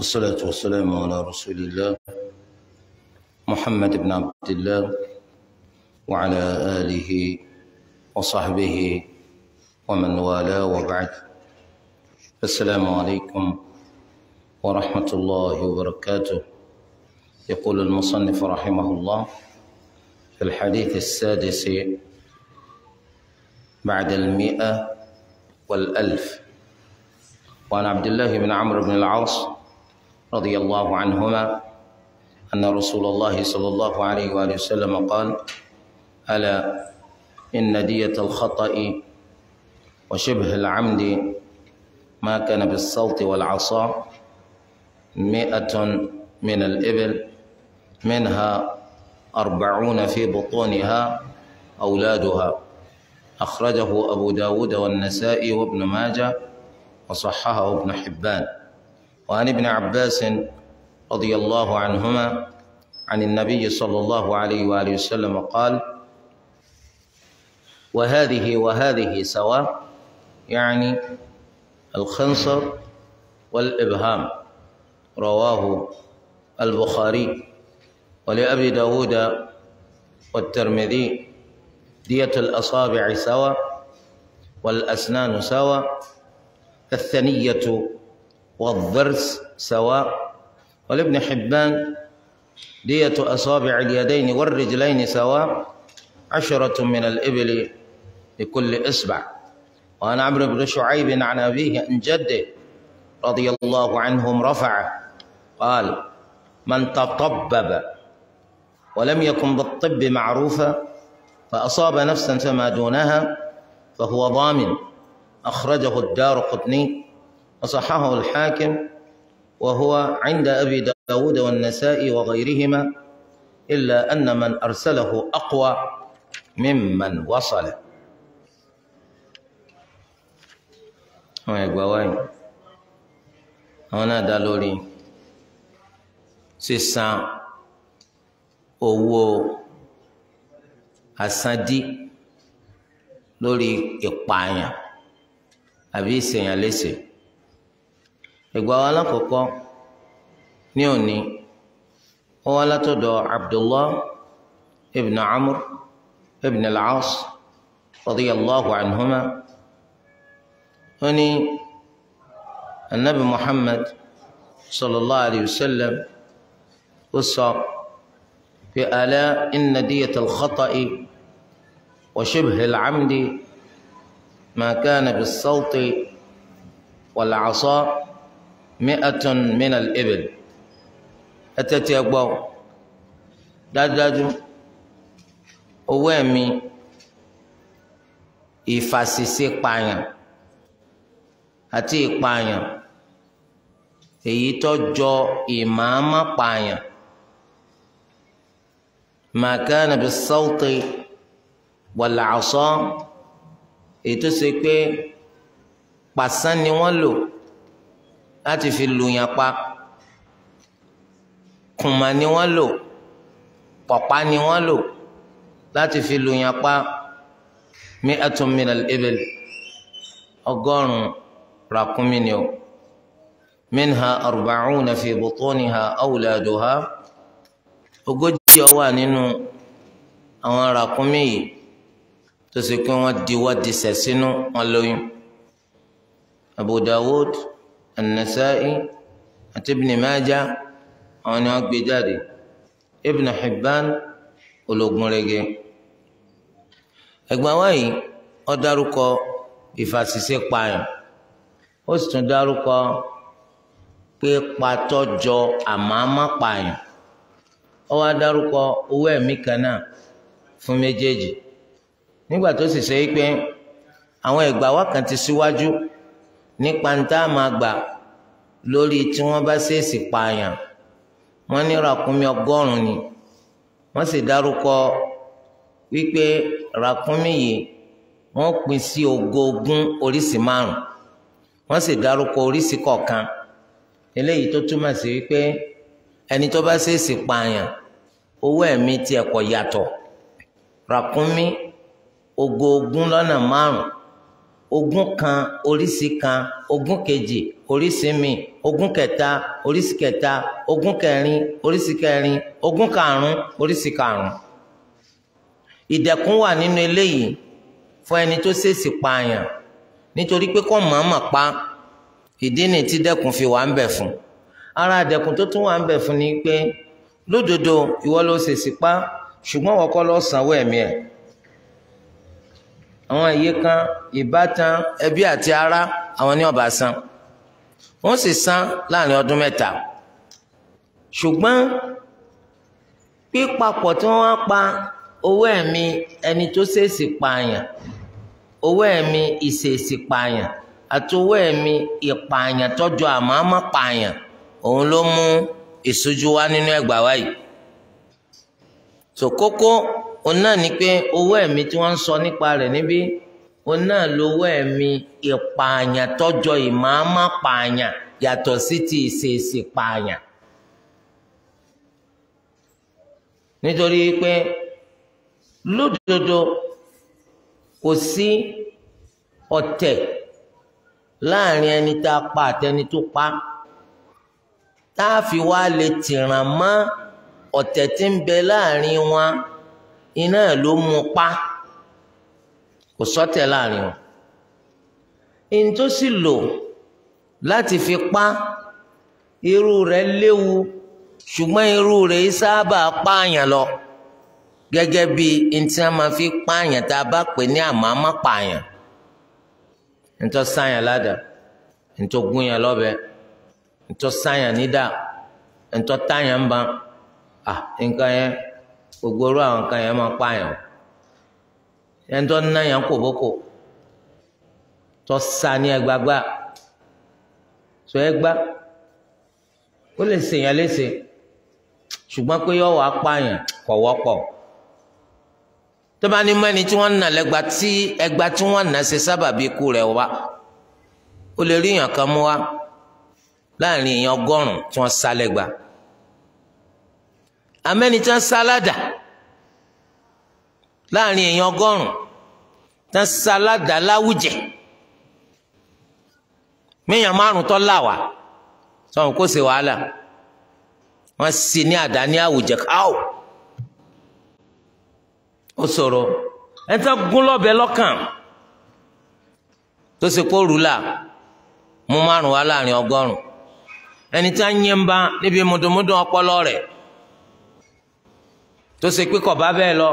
والصلاة والسلام على رسول الله محمد بن عبد الله وعلى آله وصحبه ومن والاه وبعد السلام عليكم ورحمة الله وبركاته يقول المصنف رحمه الله في الحديث السادس بعد المئة والألف وعن عبد الله بن عمرو بن العاص رضي الله عنهما أن رسول الله صلى الله عليه وآله وسلم قال ألا إن دية الخطأ وشبه العمد ما كان بالسلط والعصا مئة من الإبل منها أربعون في بطونها أولادها أخرجه أبو داود والنسائي وابن ماجه وصححه ابن حبان وعن ابن عباس رضي الله عنهما عن النبي صلى الله عليه وآله وسلم قال وهذه وهذه سواء يعني الخنصر والإبهام رواه البخاري ولأبي داود والترمذي دية الأصابع سواء والأسنان سواء الثنية والضرس سواء ولابن حبان دية أصابع اليدين والرجلين سواء عشرة من الإبل لكل إصبع وعن عمرو بن شعيب عن أبيه عن جده رضي الله عنهم رفعه قال من تطبب ولم يكن بالطب معروفا فأصاب نفسا فما دونها فهو ضامن أخرجه الدار قطني وصححه الحاكم وهو عند أبي داود والنسائي وغيرهما إلا أن من أرسله أقوى ممن وصل هنا دالولي سيسا أوو أسادي لولي إقبايا أبي سيالي سيالي ìgbà wa alákọ̀ọ́kọ́ ní òní ó wá látọ̀dọ̀ abdullah ibn amr ibn al-aas radiyallahu anhuma ó ní anabi muhammad sallallahu alayhi wa sallam ó sọ pé ala inna diyata al-khata'i wa shibhi al-amdi ma kana bis-sawti wal mi'atun minal ibil ẹtẹtẹ gbọ́ dájúdájú owó ẹ̀mí ìfàṣìṣe pààyàn àti ìpààyàn èyí tó jọ ìmàámà pààyàn ma kana bis-sawti wal-'asa ni wọ́n lò láti fi lùyàn pa kùmà ni wọ́n lò pọ̀pá ni wọ́n lò láti fi lùyàn pa mi atuminal ebel ọgọ́rùn ràkúnmí ni o minha arba'una fi butuniha awladuha ogójì ó wà nínú àwọn ràkúnmí yìí tó ṣe pé wọ́n diwọ́ disẹ̀ sínú wọn lóyún Abu Dawud an-Nasa'i àti Ibn Majah àwọn ni wọ́n gbé jáde Ibn Hibban ológunrege ẹgbẹ́ wáyé ó dárúkọ ìfàṣìṣe pààyàn ó sì tún dárúkọ pé patọ́jọ àmàmà pààyàn ó wá dárúkọ owó ẹ̀mí kan náà fún méjèèjì nígbà tó sì ṣe é pé àwọn ìgbà wákàtí síwájú. Si nípa ń tá a máa gbà lórí tí wọ́n bá ṣèèṣì pààyàn wọ́n ní ràkúnmí ọgọ́rùn-ún ni wọ́n sì dárúkọ wípé ràkúnmí yìí wọ́n pín sí ogógún oríṣi márùn wọ́n sì dárúkọ oríṣi kọ̀ọ̀kan eléyìí tó túmọ̀ sí wípé ẹni tó bá ṣèèṣì pààyàn owó ẹ̀mí tiẹ̀ kò yàtọ̀ ràkúnmí ogógún lọ́nà márùn-ún ogún kan oríṣi kan ogún kejì oríṣi mi ogún kẹta oríṣi kẹta ogún kẹrin oríṣi kẹrin ogún karùn-ún oríṣi karùn-ún ìdẹ̀kùn wà nínú eléyìí fún ẹni tó ṣèèṣì pààyàn nítorí pé kò mọ̀ọ́mà pa ìdí ni tí dẹ̀kùn fi wà ń bẹ̀ fún ara dẹ̀kùn tó tún wà ń bẹ̀ fún ni pé lódodo ìwọ ló ṣèèṣì pa ṣùgbọ́n wọ́n kọ́ lọ́ọ́ sanwó ẹ̀mí ẹ̀ àwọn iye kan ìbátan ẹbí àti ará àwọn ní ọba san wọ́n sì san láàrin ọdún mẹ́ta ṣùgbọ́n pípapọ̀ tí wọ́n pa owó ẹ̀mí ẹni tó ṣèèṣì pààyàn owó ẹ̀mí ìṣèèṣì pààyàn àti owó ẹ̀mí ìpààyàn tọ́jú àmọ́mọ́ pààyàn òun ló mú ìṣojú wá nínú ẹgbàá wáyìí. sòkókó so, òun náà ni pé owó ẹ̀mí tí wọ́n ń sọ nípa rẹ̀ níbí òun náà lówó ẹ̀mí ìpààyàn tọ́jọ ìmáàmá pààyàn yàtọ̀ sí ti ìṣèṣì pààyàn. nítorí pé lódodo kò sí ọ̀tẹ̀ láàrin ẹni tá a pa àtẹni tó pa tá a fi wá lè tìràn mọ́ ọ̀tẹ̀ tí ń bẹ láàrin wọn iná ló mú pa kò sọ́tẹ̀ láàrin wọn ihun tó sì lò láti fi pa irú rẹ̀ léwu ṣùgbọ́n irú rẹ̀ sábà pààyàn lọ gẹ́gẹ́ bí ihun tí wọ́n máa fi pààyàn tá a bá pè ní àmàmà pààyàn ntọ́ sáyàn ládàá ntọ́ gúnyàn lọ́bẹ ntọ́ sáyàn nídà ntọ́ táyàn ń ban nǹkan yẹn gbogbo orú àwọn kan yẹn máa pààyàn ẹni tó ná yẹn kò bókò tó sa ní ẹgbàgbà tó ẹgbà ó lè ṣèyàn léṣe ṣùgbọ́n pé yọ wàá pààyàn kò wọ́pọ̀ tó bá ní mẹ́ni tí wọ́n ń nà lẹ́gba tí ẹgba tí wọ́n ń nà ṣe sábàbí ikú rẹ̀ wá ó lè rí èèyàn kan mú wá láàrin èèyàn ọgọ́rùn-ún tí wọ́n sá lẹ́gba amẹ́nitán sáládà láàrin èèyàn ọgọ́rùn-ún tán sáládà láwùjẹ míyàn márùn tó láwà sọ̀rọ̀ kó ṣe wàhálà wọ́n sì ní àdá ní àwùjẹ káwọ́ ó sọ̀rọ̀ ẹ̀ńtán gún lọ́bẹ̀ lọ́kàn tó ṣe kó mú márùn ún ọpọlọ rẹ̀ tó ṣe pé kọ̀ bá bẹ́ẹ̀ lọ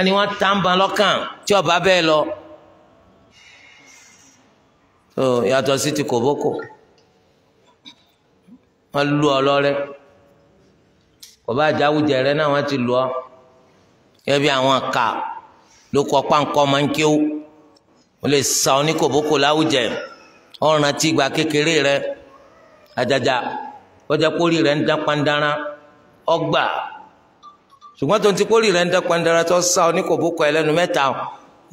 ẹni wọ́n tá ń ban lọ́kàn tí ọba bẹ́ẹ̀ lọ. tó yàtọ̀ sí ti kòbókò wọ́n lu ọ lọ́rẹ́ kò bá jáwùjẹ rẹ náà wọ́n ti lu ọ gẹ́gẹ́ bí àwọn àka ló kọ páńkọ́ máa ń kíó ó lè sa ọ ní kòbókò láwùjẹ ọ̀ràn tí ìgbà kékeré rẹ àjàjà ó jẹ́ kórìí rẹ ń dán pandára ọgbà. ṣùgbọ́n tó ń ti kórì rẹ̀ ń dẹ́ pandara tó sá ọ ní kò ẹlẹ́nu mẹ́ta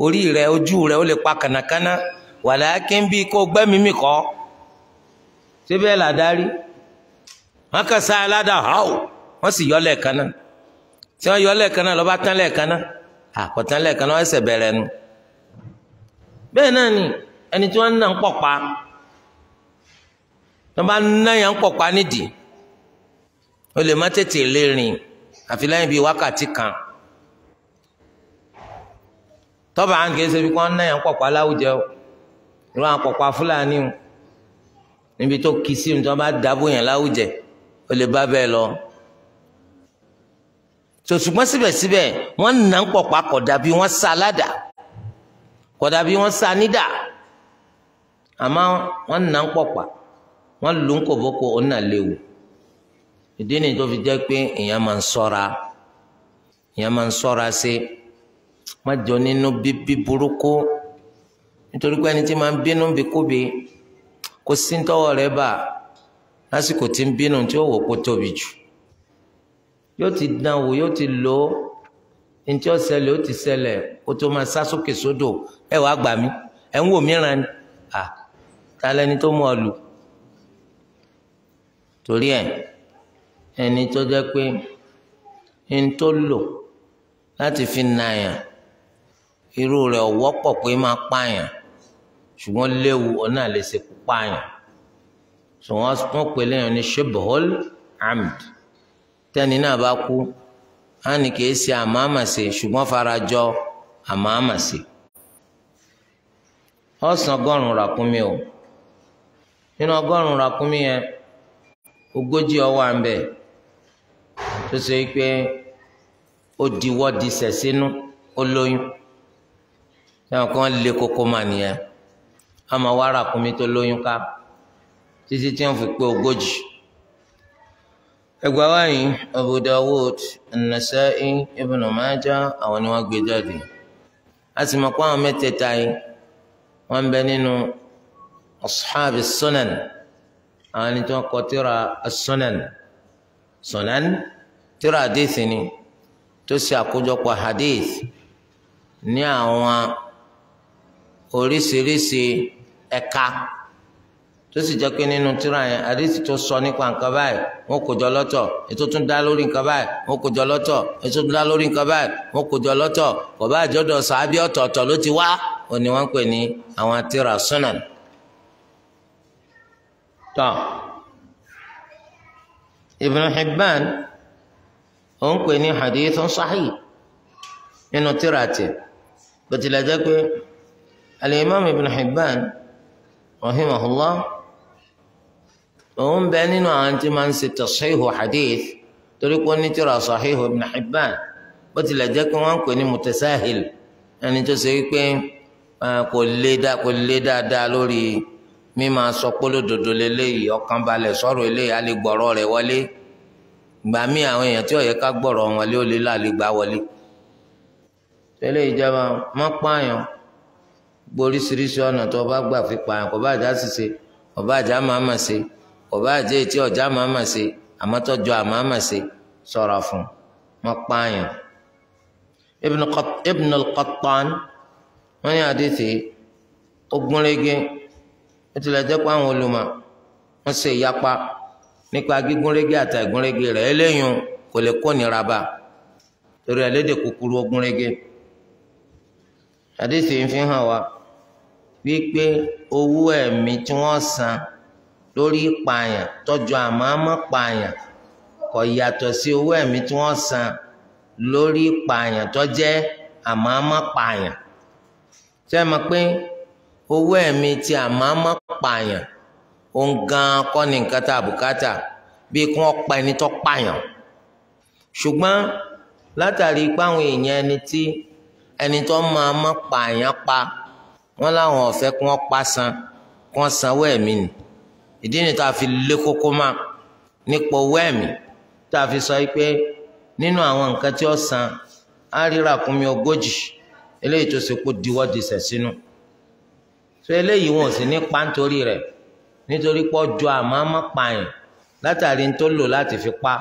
orí rẹ̀ ojú rẹ̀ ó lè pa kànákànná wàlákín bí kó gbẹ́mí mi kọ́ síbẹ̀ làdárí ọ kà sá aládàá hàù wọn sì yọ lẹ́ẹ̀kan náà tí yọ lẹ́ẹ̀kan náà lọ́ba tán lẹ́ẹ̀kan náà lẹ́ẹ̀kan náà bẹ̀rẹ̀ nu bẹ́ẹ̀ náà ni ẹni tí wọ́n ń nà ń pọ̀ pa àfi lẹ́yìn bíi wákàtí kan tọ́ba à ń kéésì bí wọ́n náyà ń pọ̀pọ̀ aláwùjẹ o irú àwọn pọ̀pọ̀ afúlàní o níbi tó kì í sí nítorí wọ́n bá dábò yẹn láwùjẹ ó lè bá bẹ́ẹ̀ lọ. sòṣùgbọ́n síbẹ̀síbẹ̀ wọ́n nà ń pọ̀pọ̀ akọ̀dà bí wọ́n sá aládà kọ̀dà bí wọ́n sá nídà àmọ́ wọ́n nà ń pọ̀pọ̀ wọ́n lù ń kòbókò ó nà léwu ìdí ni tó fi jẹ́ pé èèyàn máa ń ṣọ́ra èèyàn máa ń ṣọ́ra ṣe má jọ nínú bíbí burúkú nítorí pé ẹni tí máa ń bínú bí kúbi kó sí tọwọ́ rẹ̀ bá lásìkò tí ń bínú tí ó wò kó tóbi jù yóò ti dán wò yóò ti lò ó ntí ó ṣẹlẹ̀ ó ti ṣẹlẹ̀ ó tó máa sá sókè sódò ẹ wàá gbà mí ẹ ń wò mìíràn ni à ta lẹni tó mú ọ lù torí ẹ ẹni tó jẹ́ pé ń tó lò láti fi nààyàn irú rẹ̀ ọ̀wọ́pọ̀ pé máa pààyàn ṣùgbọ́n léwu ọ̀nà lè ṣe pààyàn ṣùgbọ́n wọ́n pè léyìn ní shibhul amd tẹ́ni náà bá kú á ní kì í ṣe àmàmàṣe ṣùgbọ́n farajọ àmàmàṣe ọ̀sán ọgọ́rùn ràkúnmí o nínú ọgọ́rùn ràkúnmí yẹn ogójì ọwọ́ à ń bẹ̀ẹ́ tó ṣe pé ó diwọ́ di sẹ̀ sínú ó lóyún táwọn kan lé koko mà nìyẹn a máa wá ràkúnmí tó lóyún ká títí tí wọn fi pé ogójì. ẹgbàá wáyé Abu Dawud An-Nasa'i Ibn àwọn ni wọn gbé jáde a sì mọ̀ pé àwọn mẹ́tẹ̀ẹ̀ta yìí wọ́n ń bẹ nínú ashabi sunan àwọn ẹni tí wọ́n kọ tírà as-sunan sunan. sunan tíra hadith ni tó ṣe àkójọpọ̀ hadith ní àwọn oríṣiríṣi ẹ̀ka tó sì jẹ́ pé nínú tíra yẹn hadith tó sọ nípa nǹkan báyìí wọ́n kó jọ lọ́tọ̀ ètò tún dá lórí nǹkan báyìí wọ́n kó jọ lọ́tọ̀ ètò tún dá lórí nǹkan báyìí wọ́n kó jọ lọ́tọ̀ kò àjọdọ̀ sàábí ọ̀tọ̀ọ̀tọ̀ ló ti wá òní wọ́n pè ní àwọn tíra sunan. Ibn Hibban ó ń pè ní hadithun sahih nínú tíraatì bó tilẹ̀ jẹ́ pé al-imam ibn hibban rahimahullah òun bẹ nínú àwọn tí máa ń ṣe tashihu hadith torí pé ó ní tíra sahihu ibn hibban bó tilẹ̀ jẹ́ pé wọ́n ń pè ní mutasahil ẹni tó ṣe wípé kò lé dáadáa lórí mímọ sọ pé lódodo ọkàn balẹ̀ sọ̀rọ̀ eléyìí alẹ́ gbọ́rọ̀ rẹ̀ wọlé gbà mí àwọn èèyàn tí ó yẹ ká gbọ́rọ̀ wọn lé ó lé láàlè gbá wọlé tẹ́lẹ̀ ìjọba má pààyàn gboríṣiríṣi ọ̀nà tó bá gbà fi pààyàn kò bá àjá sì ṣe kò bá àjá máa mà ṣe kò bá àjẹ́ etí ọ̀já máa mà ṣe àmọ́ àmọ́ mà ṣe ṣọ́ra fún má pààyàn. Ibn al wọ́n ní àdìsí ogunrege ó tilẹ̀ jẹ́ pé àwọn olùmọ̀ wọ́n ṣe ìyapa nípa gígúnrégé àti àgúnrégé rẹ̀ eléyìí kò lè kó nira bá torí ẹlẹdẹ kúkúrú ogúnrégé àdéhùn ń fi hàn wá wípé owó ẹ̀mí tí wọ́n san lórí pààyàn tọ́jú àmọ́mọ́ pààyàn kò yàtọ̀ sí owó ẹ̀mí tí wọ́n san lórí pààyàn tó jẹ́ àmọ́mọ́ pààyàn ṣé ẹ mọ̀ pé owó ẹ̀mí ti àmọ́mọ́ pààyàn òun gan kọ́ ni nǹkan tá a bùkátà bíi kí wọ́n pa ẹni tó pààyàn ṣùgbọ́n látàrí pé àwọn èèyàn ẹni tí ẹni tó máa mọ́ pààyàn pa wọ́n láwọn ọ̀fẹ́ kí wọ́n pa san kí wọ́n sanwó ẹ̀mí ni ìdí ni tá a fi lé kókó mọ́ nípa owó ẹ̀mí tá a fi sọ pé nínú àwọn nǹkan tí ó san á rí ràkúnmí ogójì eléyìí tó ṣe kó diwọ́ di sẹ̀ sínú so eléyìí wọn ò sì ní pa nítorí rẹ̀ nítorí pọ́ jọ àmàmà pààyàn látàrí tó lò láti fi pa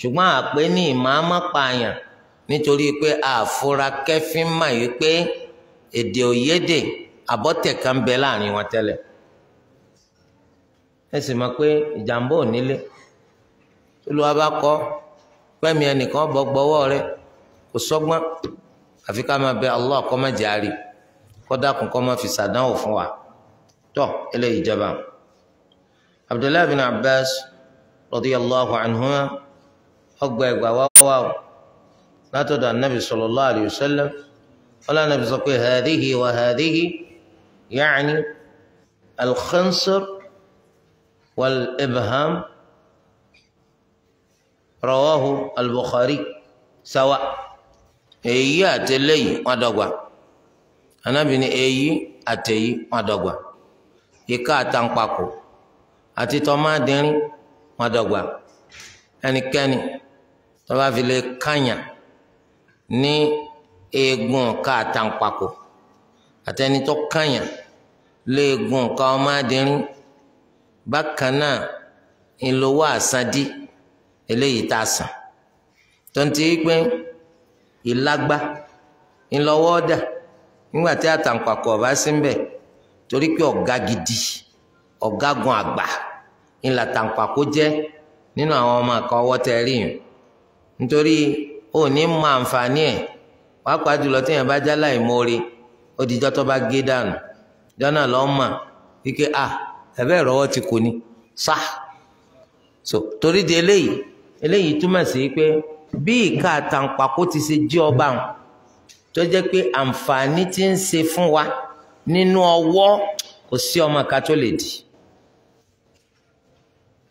ṣùgbọ́n àpé ní ìmàmà pààyàn nítorí pé àfúrá kẹfín mà yí pé èdè òyédè àbọ̀tẹ̀ kan bẹ láàrin wọn tẹ́lẹ̀ ẹ sì mọ̀ pé ìjàmbá ò nílé olúwa bá kọ́ pẹ́mi ẹnìkan bọ́ gbọ́wọ́ rẹ kò sọ́gbọ́n àfi ká máa bẹ Allah kó má jẹ́ àárẹ̀ kó dákun kó má fi ṣàdánwò fún wa tọ́ eléyìí jọba abdullahi bin abbas radiyallahu anhuma ọgbà ẹgbà wá wá o látọ̀dọ̀ anabi sallallahu alayhi wa sallam ọlá anabi sọ pé hàdíhi wa hàdíhi yaani alkhansir wal ibham rawahu albukhari sawa èyí àtẹlẹyìn wọn dọ́gba anabi ni èyí àtẹyí wọn dọ́gba ìka àtàǹpàkò àti tọmọdérín wọn dọ́gba ẹnikẹ́ni tó bá fi lè kànyà ní eegun ká àtàǹpàkò àtẹni tó kànyà léegun ká ọmọdérín bákan náà ìlówó àsandí eléyìí tá a sàn tó ń ti pé ìlágbá ńlọ́wọ́ dà nígbà àtàǹpàkò ọba sí ń bẹ torí pé ọ̀gá gidi ọ̀gágun àgbà ńlá tàǹpàkò jẹ́ nínú àwọn ọmọ kan ọwọ́ tẹ rí yùn nítorí ó ní mọ àǹfààní ẹ̀ pàápàá jùlọ téèyàn bá já láì mórí ó di jọ́tọ́ bá gé dànù jọ́nà lọ́ mọ̀ wípé à ẹ̀bẹ́ ìrọwọ́ ti kù ni sá so torí di eléyìí eléyìí túmọ̀ sí pé bí ìka àtàǹpàkò ti ṣe jí ọba hàn tó jẹ́ pé àǹfààní ti ń ṣe fún wa nínú ọwọ́ kò sí ọmọ ká tó lè dì í.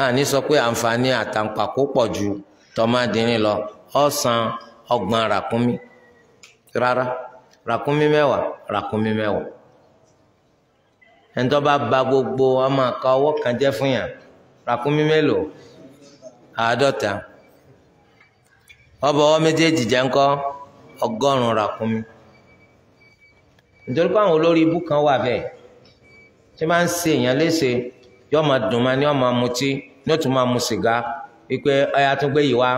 àní sọ pé àǹfààní àtàǹpàkò pọ̀ ju tọmọdínrín lọ ọ̀sán ọgbọ̀n ràkúnmí rárá ràkúnmí mẹ́wàá ràkúnmí mẹ́wàá ẹnitọ́ bá ba gbogbo ọmọ àka ọwọ́ kan jẹ́ fún yàn ràkúnmí mélòó àádọ́ta ọbọ̀ ọwọ́ méjèèjì jẹ́ ńkọ́ ọgọ́rùn-ún ràkúnmí nítorí pé àwọn olórí ibú kan wà bẹ́ẹ̀ tí wọ́n máa ń ṣe èèyàn léṣe. yóò máa dùn máa ní ma mutí ní ó tún máa mu sìgá wípé ọyà tún gbé yìí wá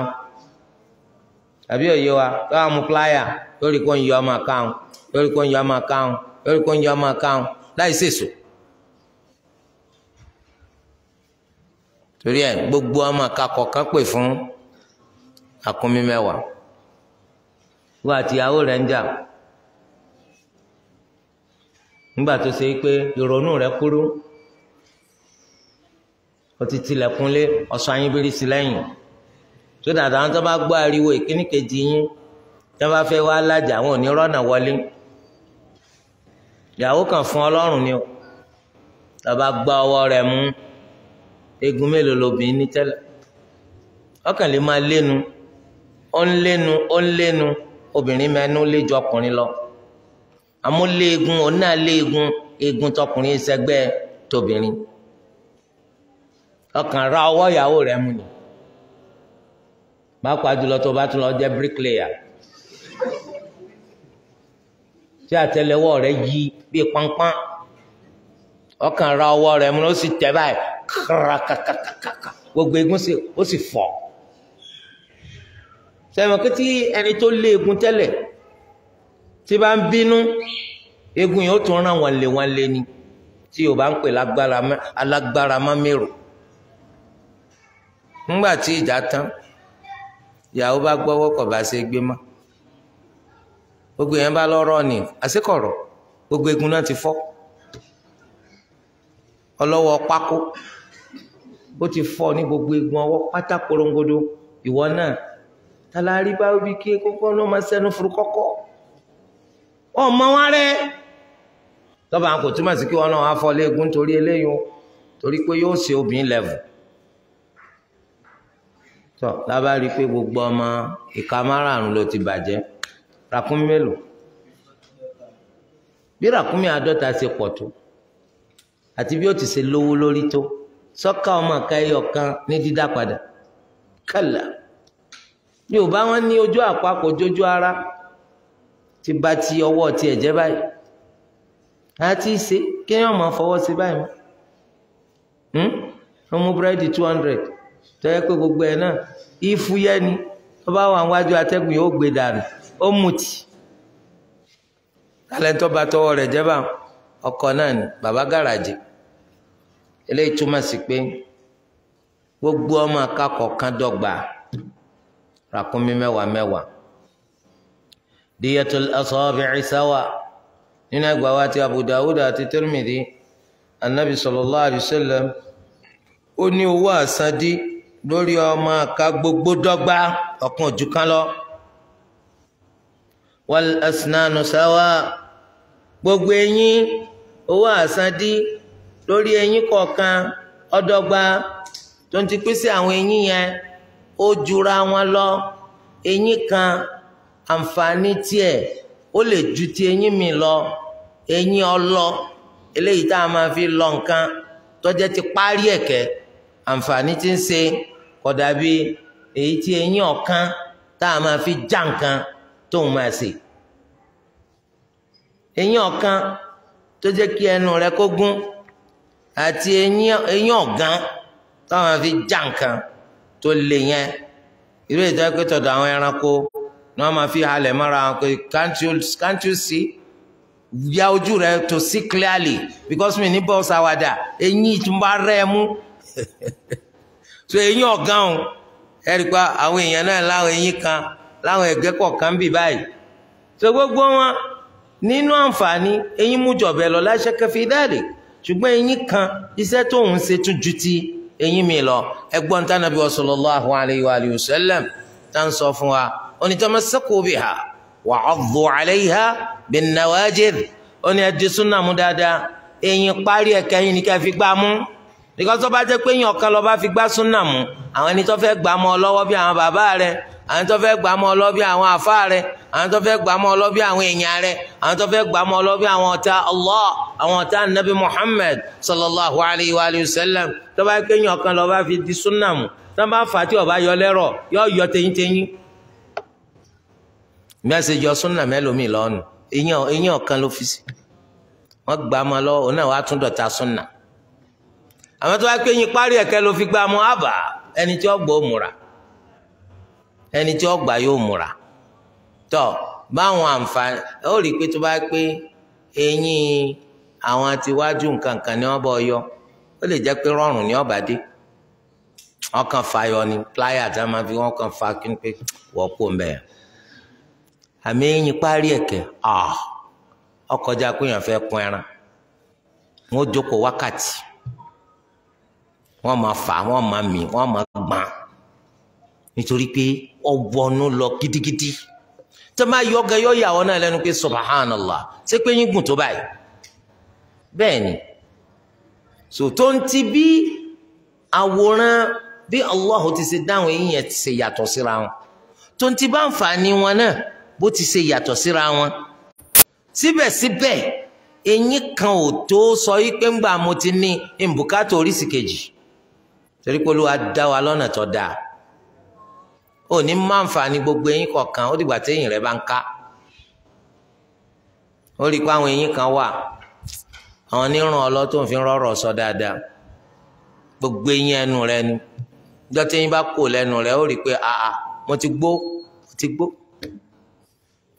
àbí òye wa yóò wá mu pláyà lórí kó ń yọ ọmọ àkáhùn lórí kó ń yọ ọmọ àkáhùn lórí kó ń yọ ọmọ àkáhùn láì sèso. torí ẹ gbogbo ọmọ àkàkọ kan pè fún àkúnmí mẹ́wàá wọ́n àtìyàwó rẹ̀ ń jà nígbà tó ṣe pé ìrònú rẹ̀ kúrú. ó ti tilẹ̀kùnlé ọ̀sọ́ anyin bírí sí lẹ́yìn tó dàda àwọn tó bá gbọ́ ariwo ìkíní kejì yín tó bá fẹ́ wá lájà àwọn òní rọ́nà wọlé ìyàwó kan fún ọlọ́run ni o tó bá gbá ọwọ́ rẹ̀ mú egun mélòó lobìnrin ní tẹ́lẹ̀ ọkàn lè máa lénu ó ń lénu ó ń lénu obìnrin mẹ́nu lé ju ọkùnrin lọ àmúlé òun náà lé egun tọkùnrin ṣẹgbẹ́ tóbìnrin ọkàn ra ọwọ́ ìyàwó rẹ̀ mu ni pàápàá jùlọ tó bá tún lọ jẹ́ bricklayer tí àtẹ́lẹwọ́ rẹ̀ yí bíi pánpán ọkàn ra ọwọ́ rẹ̀ mu ni ó sì tẹ̀ báyìí kàràkàkàkàkà gbogbo egun ó sì fọ́ sẹ́wọ̀n kí tí ẹni tó lé egun tẹ́lẹ̀ tí bá ń bínú egun yìí ó tún ràn wọ́n lé wọ́n lé ni tí o bá ń pè lágbára má mérò. ńgbà tí ìjà tán ìyàwó bá gbọ́wọ́ kọ̀ bá ṣe gbé mọ́ gbogbo yẹn bá lọ́rọ̀ ni àṣekọ̀rọ̀ gbogbo egun náà ti fọ́ ọlọ́wọ́ pákó bó ti fọ́ ní gbogbo egun ọwọ́ pátá ìwọ náà tàlárí bá wí kí kókó ló máa sẹ́nu furu kọ́kọ́ ọmọ wa rẹ tọ́ba kò túmọ̀ sí kí wọn náà wá fọ́ lé egun torí eléyìí torí pé yóò ṣe obìnrin lẹ́vù. tọ́ lábá rí i pé gbogbo ọmọ ìka márààrún ló ti bàjẹ́ ràkúnmí mélòó bí ràkúnmí àádọ́ta ṣe pọ̀ tó àti bí ó ti ṣe lówó lórí tó sọ́ka ọmọ ìka ẹyọ kan ní dídá padà kàlà yorùbá wọn ní ojú àpapọ̀ jójú ara ti ba ti ọwọ́ ti ẹ̀jẹ̀ báyìí àti ṣe kéèyàn máa fọwọ́ sí báyìí mọ́ hmm? ọmọ búrẹ́dì two hundred tọ́yẹ pé gbogbo ẹ̀ náà ìfúyẹ́ ni tó bá wà wájú atẹ́gùn yóò gbé dànù ó mutì tálẹ́ńtọ́ bá tọwọ́ rẹ̀ jẹ́ bá ọkọ̀ náà ni bàbá gàràjì eléyìí túmọ̀ sí pé gbogbo ọmọ akakọ̀ kan dọ́gba ràkúnmí mẹ́wàá mẹ́wàá diyatul asabi'i sawa nínú ẹgbàá wa ti Abu Dawud àti Tirmidhi anabi sallallahu alayhi ó ní owó àsandí lórí ọmọ ká gbogbo dọ́gba ọ̀kan ojú kan lọ wal asnanu sawa gbogbo eyín owó àsandí lórí eyín kọ̀ọ̀kan ọ̀dọ́gba tó ń ti pèsè àwọn eyín yẹn ó jura wọn lọ eyín kan àǹfààní tiẹ̀ ó lè ju ti eyín mi lọ eyín ọlọ eléyìí tá a máa fi lọ nǹkan tó ti parí ẹ̀kẹ́ àǹfààní ti ń ṣe kódà bí èyí tí eyín ọ̀kan tá a máa fi já nǹkan tóun máa sè eyín ọ̀kan tó jẹ́ kí ẹnu rẹ kó gún àti eyín ọ̀gán táwọn fi já nǹkan tó le yẹn irú ìtọ́ pé tọ̀dọ̀ àwọn ẹranko ni wọ́n máa fi halẹ̀ mọ́ra wọn pé can't you can't you see ya ojú rẹ to see clearly because mi ní bọ́ọ̀sì àwàdà eyín ìtúmbà rẹ̀ mú. so eyín ọ̀gá òun ẹ̀rí pa àwọn èèyàn náà láwọn eyín kan láwọn ẹ̀gẹ́ kọ̀ọ̀kan bì báyìí so gbogbo wọn nínú àǹfààní eyín mú lọ láṣẹ kẹfì dáàdì ṣùgbọ́n eyín kan iṣẹ́ tó ń ṣe tún ju ti eyín mi lọ ẹgbọ́n tánàbí tá ń sọ fún wa dáadáa nígbà tó bá jẹ́ pé yàn kan lọ bá fi gbá súnà mú àwọn ẹni tó fẹ́ gbà mọ́ ọ lọ́wọ́ bí àwọn bàbá rẹ àwọn tó fẹ́ gbà mọ́ ọ lọ́wọ́ bí àwọn àfa rẹ àwọn tó fẹ́ gbà mọ́ ọ lọ́wọ́ bí àwọn èèyàn rẹ àwọn tó fẹ́ gbà mọ́ ọ lọ́wọ́ bí àwọn ọ̀tá Allah àwọn ọ̀tá nabi Muhammad sallallahu alayhi wa sallam tó bá pé yàn kan lọ bá fi di súnà mú tó bá fà tí ọba yọ lẹ́rọ̀ yọ yọ tẹyintẹyin. mẹ́sẹ̀jì ọ̀sùnà mẹ́lòmíì lọ́nu ìyàn ọ̀kan ló fi sí wọ́n gbà mọ́ ọ lọ́wọ́ òun náà wàá tún dọ̀ta súnà àmọ́ tó wá pé yín parí ẹ̀kẹ́ ló fi gba mu àbà ẹni tí ó gbọ́ múra ẹni tí ó gbà yóò múra tọ́ báwọn àǹfààní ó rí i pé tó bá pé eyín àwọn atiwájú nǹkan kan ni wọ́n bọ̀ ó lè jẹ́ pé rọrùn ni ọba dé wọ́n kàn ni pláyà tá a máa fi wọ́n kàn fa kí n pé wọ́n kó mbẹ́ yẹn àmì eyín parí ẹ̀kẹ́ ọkọjá pé èèyàn fẹ́ pọn ẹran wọ́n jókòó wákàtí wọ́n máa fà wọ́n máa mì wọ́n máa gbọ́n nítorí pé ọwọ́nú lọ gidigidi tó máa yọ ọgẹ yọ ìyàwó náà lẹ́nu pé subhanallah ṣé pé yín gùn tó báyìí bẹ́ẹ̀ ni so tó ń ti bí àwòrán bí Allah ti ṣe dáhùn eyín yẹn ti ṣe yàtọ̀ síra wọn tó ń ti bá ń fà wọn náà bó ti ṣe yàtọ̀ síra wọn síbẹ̀síbẹ̀ eyín kan ò tó sọ yí pé ńgbà mo ti ní ìbùkátà oríṣìí kejì torí pé olúwa dá wa lọ́nà tó dáa ò ní má ń fa ni gbogbo eyín kọ̀ọ̀kan ó dìgbà téyìn rẹ bá ń ká ó rí i pé àwọn eyín kan wà àwọn onírun ọlọ́tún fi rọ́rọ̀ sọ dáadáa gbogbo eyín ẹnu rẹ ni ọjọ́ téyín bá kò lẹ́nu rẹ ó rí i pé àà mo ti gbó mo ti gbó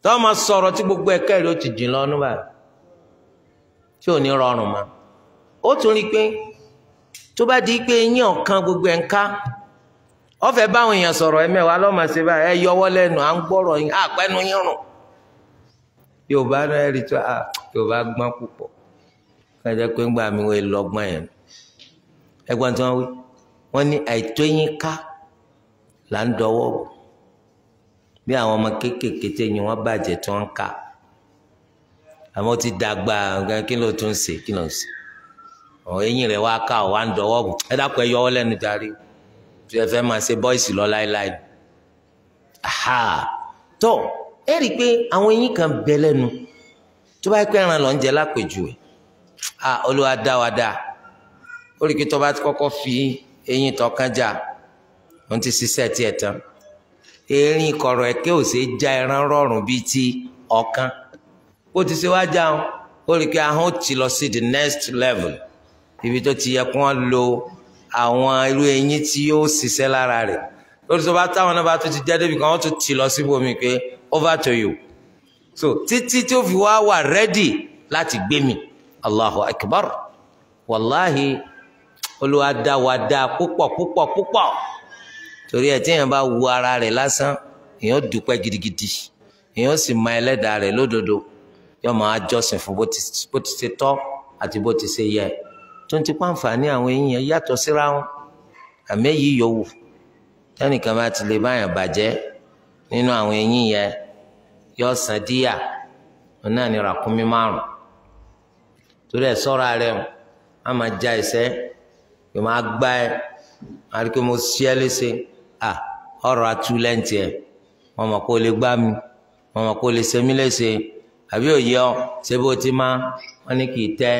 tó o máa sọ̀rọ̀ tí gbogbo ẹ̀kẹ́ rẹ ó ti jìn lọ́nú báyìí tí ò ní rọrùn mọ́ ó tún rí i pé tó bá di pé eyín ọ̀kan gbogbo ẹ̀ ń ká ọ̀fẹ́ báwọn èèyàn sọ̀rọ̀ ẹ mẹ́wàá lọ́mọ ṣe báyìí ẹ yọwọ́ lẹ́nu à ń gbọ́rọ̀ yín àpẹnu yín rùn yorùbá náà rí tó yorùbá gbọ́n púpọ̀ kájà pé ń gbà mí wọ́n lọ́gbọ́n yẹn ẹgbọ́n tí wọ́n wí wọ́n ní àìtó yín ká là ń dọwọ́ bí àwọn ọmọ kéékèèké tí eyín wọn bàjẹ́ tí wọ́n ká àmọ́ ti dàgbà kí ló tún ṣe kí ló ṣe ọ̀ eyín rẹ̀ wá ká ọ̀ wá ń dọwọ́ bù ẹ dákun ẹ yọwọ́ lẹ́nu darí tí ẹ fẹ́ máa ṣe bọ́ìsì lọ láéláé aha tó ẹ rí i pé àwọn eyín kan bẹ lẹ́nu tó bá yẹ pé ẹran lọ ń jẹ lápèjúwe a olúwa dá wa dá ó rí i pé tó bá kọ́kọ́ fi eyín tọkàn já òun ti ṣiṣẹ́ tiẹ̀ tán erin kọ̀rọ̀ ẹ̀kẹ́ ò ṣe já ẹran rọrùn bíi ti ọ̀kan ó ti ṣe wá já o ó rí i pé ahọ́n ti lọ sí the next level ibi tó ti yẹ kó wọn lo àwọn irú eyín tí yóò ṣiṣẹ́ lára rẹ̀ lórí tó bá táwọn náà bá tó ti jáde bí kan wọ́n tó ti lọ síbòmí pé over to you so títí tó fi wá wà rẹ́dì láti gbé mi allahu akbar wàláhi olúwa dá wa dá púpọ̀ púpọ̀ púpọ̀ torí ẹ̀ téèyàn bá wu ara rẹ̀ lásán èèyàn dúpẹ́ gidigidi èèyàn sì mọ ẹlẹ́dàá rẹ̀ lódodo yóò máa jọ́sìn fún bó ti ṣe tọ́ àti bó ti ṣe yẹ tó ń ti pa àǹfààní àwọn eyín yẹn yàtọ̀ síra wọn àmẹ́yìí yòówù tẹ́nìkan bá ti lè báyàn bàjẹ́ nínú àwọn eyín yẹn yọ san díyà wọn náà ní ràkúnmí márùn torí ẹ sọ́ra rẹ o a máa já ẹsẹ̀ yóò máa gbá ẹ máa rí i pé mo ṣí léṣe à ọ̀rọ̀ atú lẹ́ǹtì ẹ wọn mọ̀ kó o lè gbá mi wọn mọ̀ kó o lè ṣe mí léṣe àbí òye ọ ṣé bó ti má wọn ní kì í tẹ́ ẹ.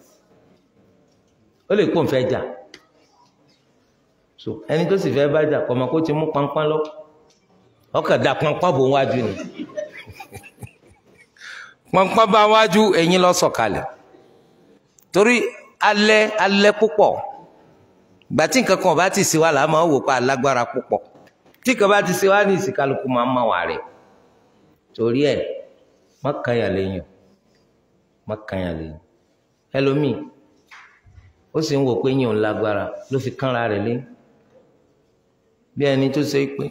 ó lè kó n jà so ẹni tó sì fẹ́ bá jà kọmọ kó ti mú pánpán lọ ọkàn da pánpán bò wájú ni pánpán bá wájú ẹ̀yin lọ sọ̀kalẹ̀ torí alẹ́ alẹ́ púpọ̀ gbàtí nǹkan kan bá ti ṣe wá là á máa wò pa alágbára púpọ̀ tí kan bá ti ṣe ní ìsìkálukú máa ń wà rẹ̀ torí ẹ̀ mọ́kànyà lẹ́yìn ẹlòmíì ó sì ń wò pé yìnyín lágbára ló fi kánra rẹ̀ lé bí ẹni tó ṣe pé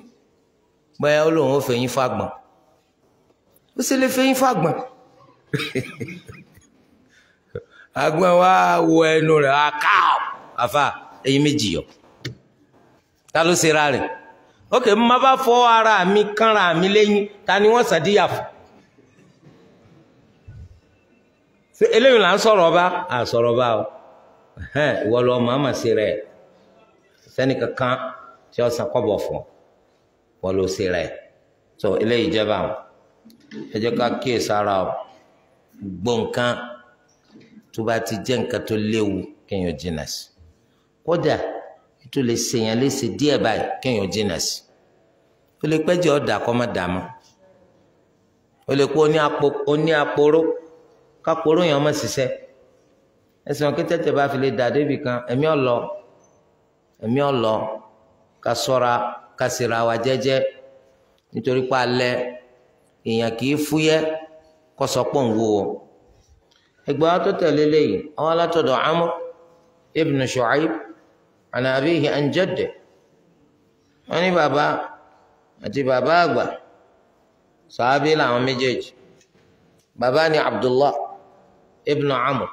bẹ́ẹ̀ ó lóun ó fẹ̀yìn fàgbọ̀n ó sì lè fẹ̀yìn fàgbọ̀n agbọ̀n wa wo ẹnu rẹ aká àfa ẹyin méjì yọ ta ló ṣe ra rẹ̀ ok má bá fọ ara mi kánra mi lẹ́yìn ta ni wọ́n ṣàdíyà fún eléyìí là ń sọ̀rọ̀ ọba à ọba o. hẹn ìwọ lọ màmá sí rẹ sẹ́ni kankan tí ó san kọ́bọ̀ fún wọ́n ló sí rẹ tó eléyìí jẹba o ẹ jẹ́ ká kíyè sára o gbọ́ nǹkan tó bá ti jẹ́ nǹkan tó léwu kéèyàn jìnnà sí kódà tó lè ṣèyàn léṣe díẹ̀ báyìí kéèyàn jìnnà sí ó lè pẹ́jọ́ ọ̀dà kọ́ má o mọ́ ó lè pé oní àpòró kápòró yẹn ọmọ ṣiṣẹ́ ẹsẹ̀ wọn kẹ́tẹ́tẹ́ bá fi lè dà débi kan ẹ̀mí ọ̀lọ́ ẹ̀mí ọ̀lọ́ ká sọ́ra ká sèrà wa jẹ́jẹ́ nítorí pé alẹ́ èèyàn kì í fúyẹ́ kó sọ pọ̀ ń wò ó ẹgbẹ́ wa tó tẹ̀lé léyìí àwọn alátọ̀dọ̀ Amr ibn Shu'aib ana abihi an wọn ní bàbá àti bàbá àgbà sàábí làwọn méjèèjì bàbá ni Abdullah ibn Amr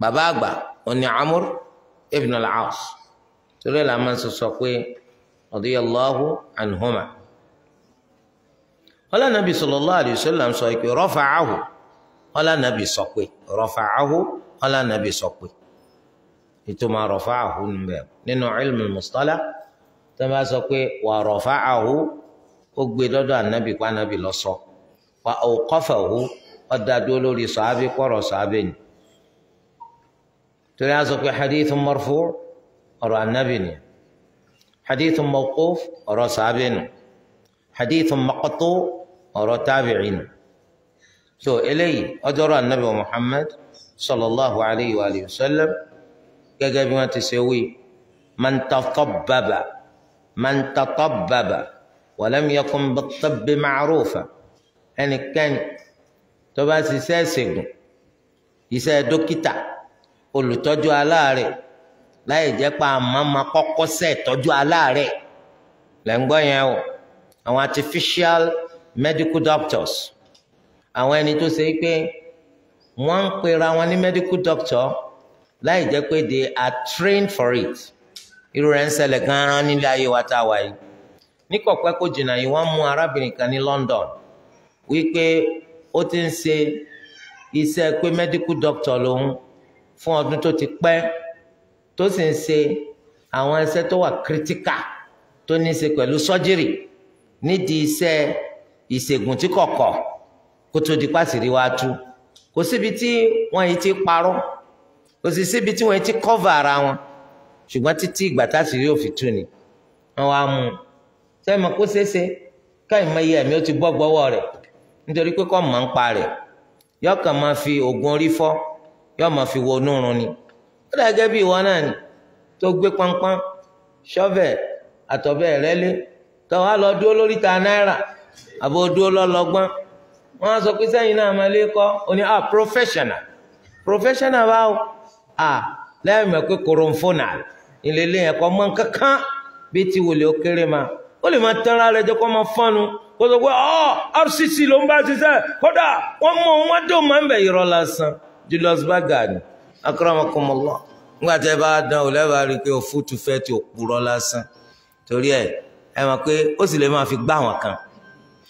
bàbá àgbà oní amúr ibn al-aas torí la máa ń sọ pé radiyallahu anhuma ọlá nàbì sallallahu alayhi wa sallam sọ pé rafa'ahu ọlá nàbì sọ pé rafa'ahu ọlá nàbì sọ pé ìtumọ̀ rafa'ahu nbẹ̀ nínú ilmu mustala tó bá sọ pé wà rafa'ahu ó gbé dọ́dọ̀ ànábì pa ànábì lọ́sọ wà awqafahu ó dá dúró lórí sàábì kọ́rọ̀ sàábì ni. تلازق حديث مرفوع أرى النبي حديث موقوف أرى سابين حديث مقطوع أرى تابعين تو إلي أدرى النبي محمد صلى الله عليه وآله وسلم كجب ما تسوي من تطبب من تطبب ولم يكن بالطب معروفا أن كان تبا سيسيسيغ يسا دوكيتا olùtọ́jú aláàárẹ̀ láì jẹ́ pa àmọ́mọ́ kọ́kọ́ sẹ̀ tọ́jú aláàárẹ̀ lẹ́ ń gbọ́ yẹn o àwọn artificial medical doctors àwọn ẹni tó ṣe pé wọ́n ń pera wọn ní medical doctor láì jẹ́ pé they are trained for it irú rẹ̀ ń ṣẹlẹ̀ gan-an nílé ayé wa tá a wà yìí ní kọ̀pẹ́ kò jìnnà yìí wọ́n mú arábìnrin kan ní London wípé ó ti ń ṣe iṣẹ́ pé medical doctor lòun fún ọdún tó ti pẹ́ tó sì ń ṣe àwọn iṣẹ́ tó wà kírítíkà tó ní í ṣe pẹ̀lú sọ́jírì nídìí iṣẹ́ ìṣègùn tí kọ̀kọ̀ kó tó di pàṣírí wa tú kò síbi tí wọ́n yìí ti parọ́ kò sì síbi tí wọ́n yìí ti kọ́va ara wọn ṣùgbọ́n títí ìgbà táṣírí ò fi tú ni wọ́n wá mú un sẹ́mi kó ṣeéṣe káìmọ̀ iye ẹ̀mí ó ti bọ́ gbọ́wọ́ rẹ̀ nítorí pé kọ́ mọ̀ ń pa rẹ̀ yọkàn máa fi oògùn orí fọ́ yóò ma fi wo onúrun ni ó dà gẹ́gẹ́ bí ìwọ náà ni tó gbé pánpán ṣọ́fẹ̀ àtọ̀bẹ̀ rẹ lé tó lọ dúró lórí ta náírà àbò dúró lọ́lọ́gbọ́n wọ́n á sọ pé sẹ́yìn náà máa lé kọ́ ó ní professional professional lẹ́yìn mọ̀ pé ilé kankan bí ti wòlé ó kéré ma ó lè máa tẹ́ra jẹ́ kó máa fọ́nu kó sọ pé ọ́ rcc ló ń bá ṣiṣẹ́ kódà wọ́n mọ̀ wọ́n dùn máa ń bẹ̀ Julius Berger akramakumullah nígbà tẹ́ bá dán o lẹ́bàá rí i pé òfú tu fẹ́ ti òpùrọ́ lásán torí ẹ ẹ mọ̀ pé ó sì lè máa fi gbá àwọn kan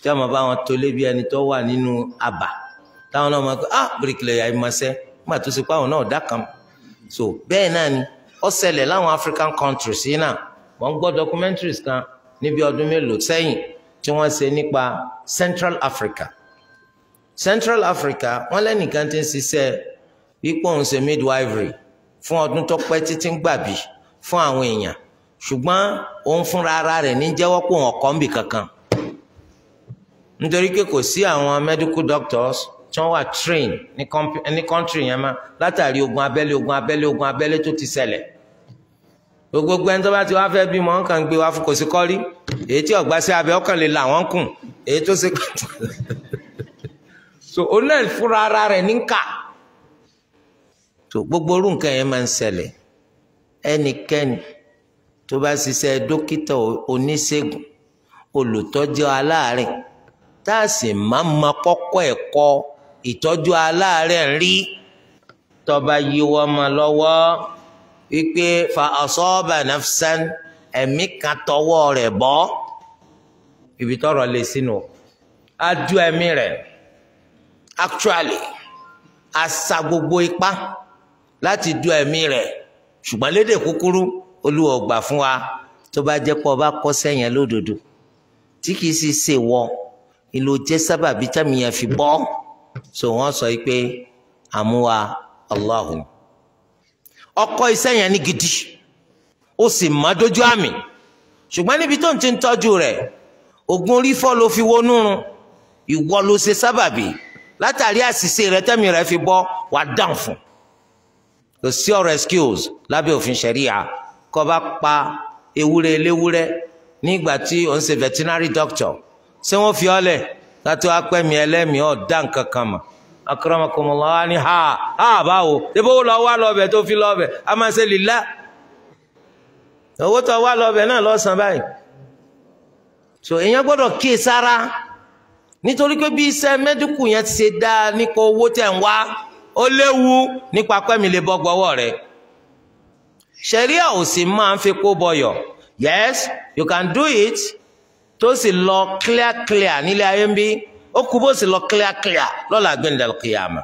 tí wọ́n bá wọn tó lébi ẹni tó wà nínú àbà táwọn náà pé ah ìmọ̀ọ́sẹ́ nígbà tó ṣe náà so bẹ́ẹ̀ náà ni ó ṣẹlẹ̀ African countries yìí náà wọ́n gbọ́ documentaries kan níbi ọdún mélòó sẹ́yìn tí wọ́n ṣe nípa Africa Central Africa wọ́n lẹ́nìkan ti ń wípé òun ṣe midwifery fún ọdún tó pẹ́ títí ń gbàbí fún àwọn èèyàn ṣùgbọ́n òun fúnra ara rẹ̀ ní jẹ́wọ́ pé òun ọ̀kọ́ ń bì kankan nítorí pé kò sí àwọn medical doctors tí wọ́n wà train ní country yẹn mọ́ látàrí ogun abẹ́lé ogun abẹ́lé ogun abẹ́lé tó ti ṣẹlẹ̀ gbogbo ẹni tó bá ti wá fẹ́ bímọ ọ̀kan gbé wá fún kò sí kọ́rí èyí tí ọ̀gbá sí abẹ́ ọ̀kan lè là wọ́n kùn èyí tó ṣe kàtà so onílẹ̀ fúnra ara rẹ̀ ní kà tó gbogbo orú nǹkan yẹn máa ń ṣẹlẹ̀ ẹnikẹ́ni tó bá ṣiṣẹ́ dókítà oníṣègùn olùtọ́jú aláàárẹ̀ tá a sì máa ma kọ́kọ́ ẹ̀kọ́ ìtọ́jú aláàárẹ̀ ń rí tó bá yíwọ́ ma lọ́wọ́ wípé fa asaba nafsan ẹ̀mí kan tọwọ́ rẹ̀ bọ́ ibi tọrọ lè sínú á ẹ̀mí rẹ̀ actually a sa gbogbo ipá láti du ẹ̀mí rẹ̀ ṣùgbọ́n lédè kúkúrú olúwa ò gbà fún wa tó bá jẹ́ pé ọba kọ́ṣẹ́ yẹn lódodo tí kìí sì ṣe wọ ìlò jẹ́ sábàbí tẹ́mi yẹn fi bọ́ so wọ́n sọ pé àmúwa Allahu ọkọ iṣẹ́ yẹn ní gidi ó sì má dójú àmì ṣùgbọ́n níbi tó ń ti ń tọ́jú rẹ̀ oògùn orí fọ́ ló fi wọnú run ìwọ ló ṣe sábàbí látàrí àṣìṣe rẹ̀ tẹ́mi rẹ̀ fi bọ́ wàá dáhùn fún un kò sí ọ̀rọ̀ excuse lábẹ́ òfin ṣẹ̀ríà kó bá pa ewúrẹ́ eléwúrẹ́ nígbà tí ò ń ṣe veterinary doctor ṣé wọ́n fi ọ́ lẹ̀ kátó apẹ́mi ẹlẹ́mìí ọ̀dá nǹkan kan mọ̀ akramakumullah wa ni ha ha báwo débò wọ́n lọ wá lọ́bẹ̀ tó fi lọ́bẹ̀ a máa ṣe lìlá owó tó wá lọ́bẹ̀ náà lọ́sàn báyìí so èèyàn gbọ́dọ̀ kíyè sára nítorí pé bí iṣẹ́ mẹ́díkù yẹn ti ṣe dáa nípa owó tẹ̀ ń wá ó léwu nípa pẹ́mi lè bọ́ gbọ́wọ́ rẹ̀ ṣẹ̀ríà ò sì máa ń fi kó bọyọ̀ yes you can do it tó sì lọ clear clear nílé ayé ń bí ó kú bó sì lọ clear clear lọ́la gbẹ̀ndẹ̀lù kìyàmà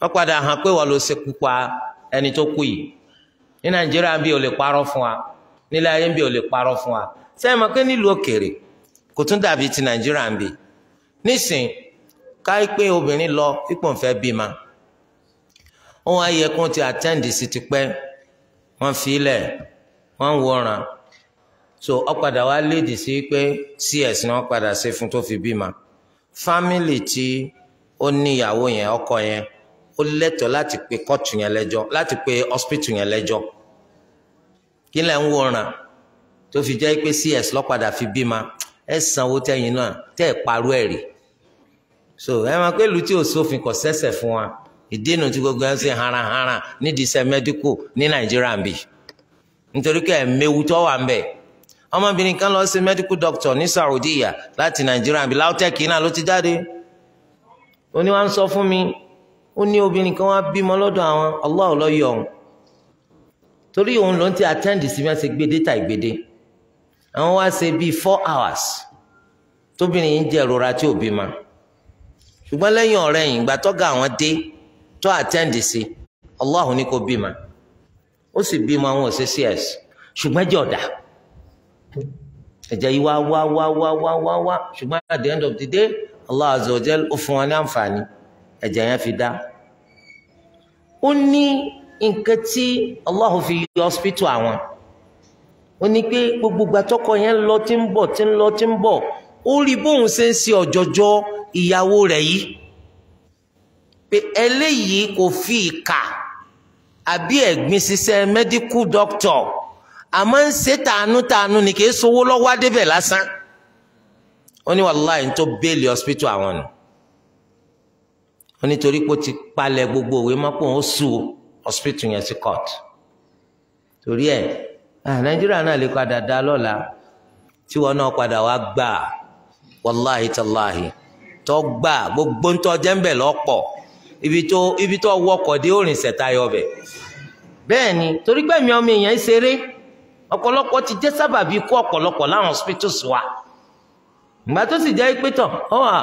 wọ́n padà hàn pé wọ́n pa ẹni tó kú yìí ní nàìjíríà bí lè parọ́ fún wa nílé ayé bí lè parọ́ fún wa sẹ́yìn pé nílùú kò tún lọ ipò ń fẹ́ bímọ ó wá yẹ kó ti àtẹ́ǹdì sí ti pẹ́ wọ́n fi lẹ̀ wọ́n wọ̀ràn so ọ̀padà wa léèdì sí pé cs náà padà ṣe fún tó fi bímọ fámìlì tí ó níyàwó yẹn ọkọ yẹn ó lẹ́tọ̀ọ́ láti pe kóòtù yẹn lẹ́jọ́ láti pe hospital yẹn lẹ́jọ́ kí lẹ́ ń wòran tó fi jẹ́ pé cs lọ́padà fi bímọ ẹ sanwó tẹ́yìn náà tẹ́ parú ẹ̀ rí so ẹ máa pé lu tí ò sófin kò sẹ́sẹ̀ fún wa ìdínà tí gbogbo ẹ ń sìn haranhara nídìí iṣẹ́ mẹdíkù ní nàìjíríà ń bì nítorí pé ẹmẹwu tó wà ń bẹ ọmọbìnrin kan lọ sí mẹdíkù dọkítọ ní Saudiya láti nàìjíríà ń bì LAUTECH náà ló ti jáde oní wa ń sọ fún mi ó ní obìnrin kan wá bímọ lọ́dọ̀ àwọn Allah ló yọ torí òun ló ń ti attend sí bí wọ́n ṣe àwọn wá ṣe bíi four hours tóbìnrin yìí ń jẹ ìrora tí ò bímọ ṣùgbọ́n lẹ́yìn ọ̀rẹ́ yìí ìgbà tọ́ga àwọn dé tó àtẹ́ǹdì sí Allahu ní kó bímọ ó sì bímọ àwọn òṣìṣẹ́ ẹ̀sì ṣùgbọ́n ẹ̀jẹ̀ ọ̀dà ẹ̀jẹ̀ yìí wá wá wá wá wá wá wá ṣùgbọ́n at the end of the day Allah azza wa jal ó fún wọn ní àǹfààní ẹ̀jẹ̀ yẹn fi dá ó ní nǹkan tí Allah fi yọ hospital àwọn ó ní pé gbogbo ìgbà tọ́kọ yẹn lọ tí ń bọ̀ tí ń lọ tí ń bọ̀ ó rí bóun ṣe ń ṣe ọ̀jọ̀jọ̀ ìyàwó rẹ̀ yìí pé eléyìí kò fi ìkà àbí ẹ̀gbin ṣiṣẹ́ medical doctor àmọ́ ń ṣe tàánútàánú ni kì í sowó lọ́wọ́ débẹ̀ lásán ó ní wàláì tó bẹ́ẹ̀lì hospital àwọn nù ó nítorí pé ó ti palẹ̀ gbogbo òwe mọ́pò ó sùn hospital yẹn sí court torí ẹ̀ nàìjíríà náà lè padà dá lọ́la tí wọn náà padà wá gbà wàláì tàláì tó gbà gbogbo ń tọ́jẹ́ ń bẹ̀ lọ́pọ̀ ibi tó ibi tó wọkọ̀ dé ó rìn sẹ̀tayọ bẹ̀ bẹ́ẹ̀ ni torí gbẹ̀mí ọmọ èèyàn ṣeré ọ̀pọ̀lọpọ̀ ti jẹ́ sábàbí ikú ọ̀pọ̀lọpọ̀ láwọn hospitals wa ìgbà tó sì jẹ́ pé tán ó wà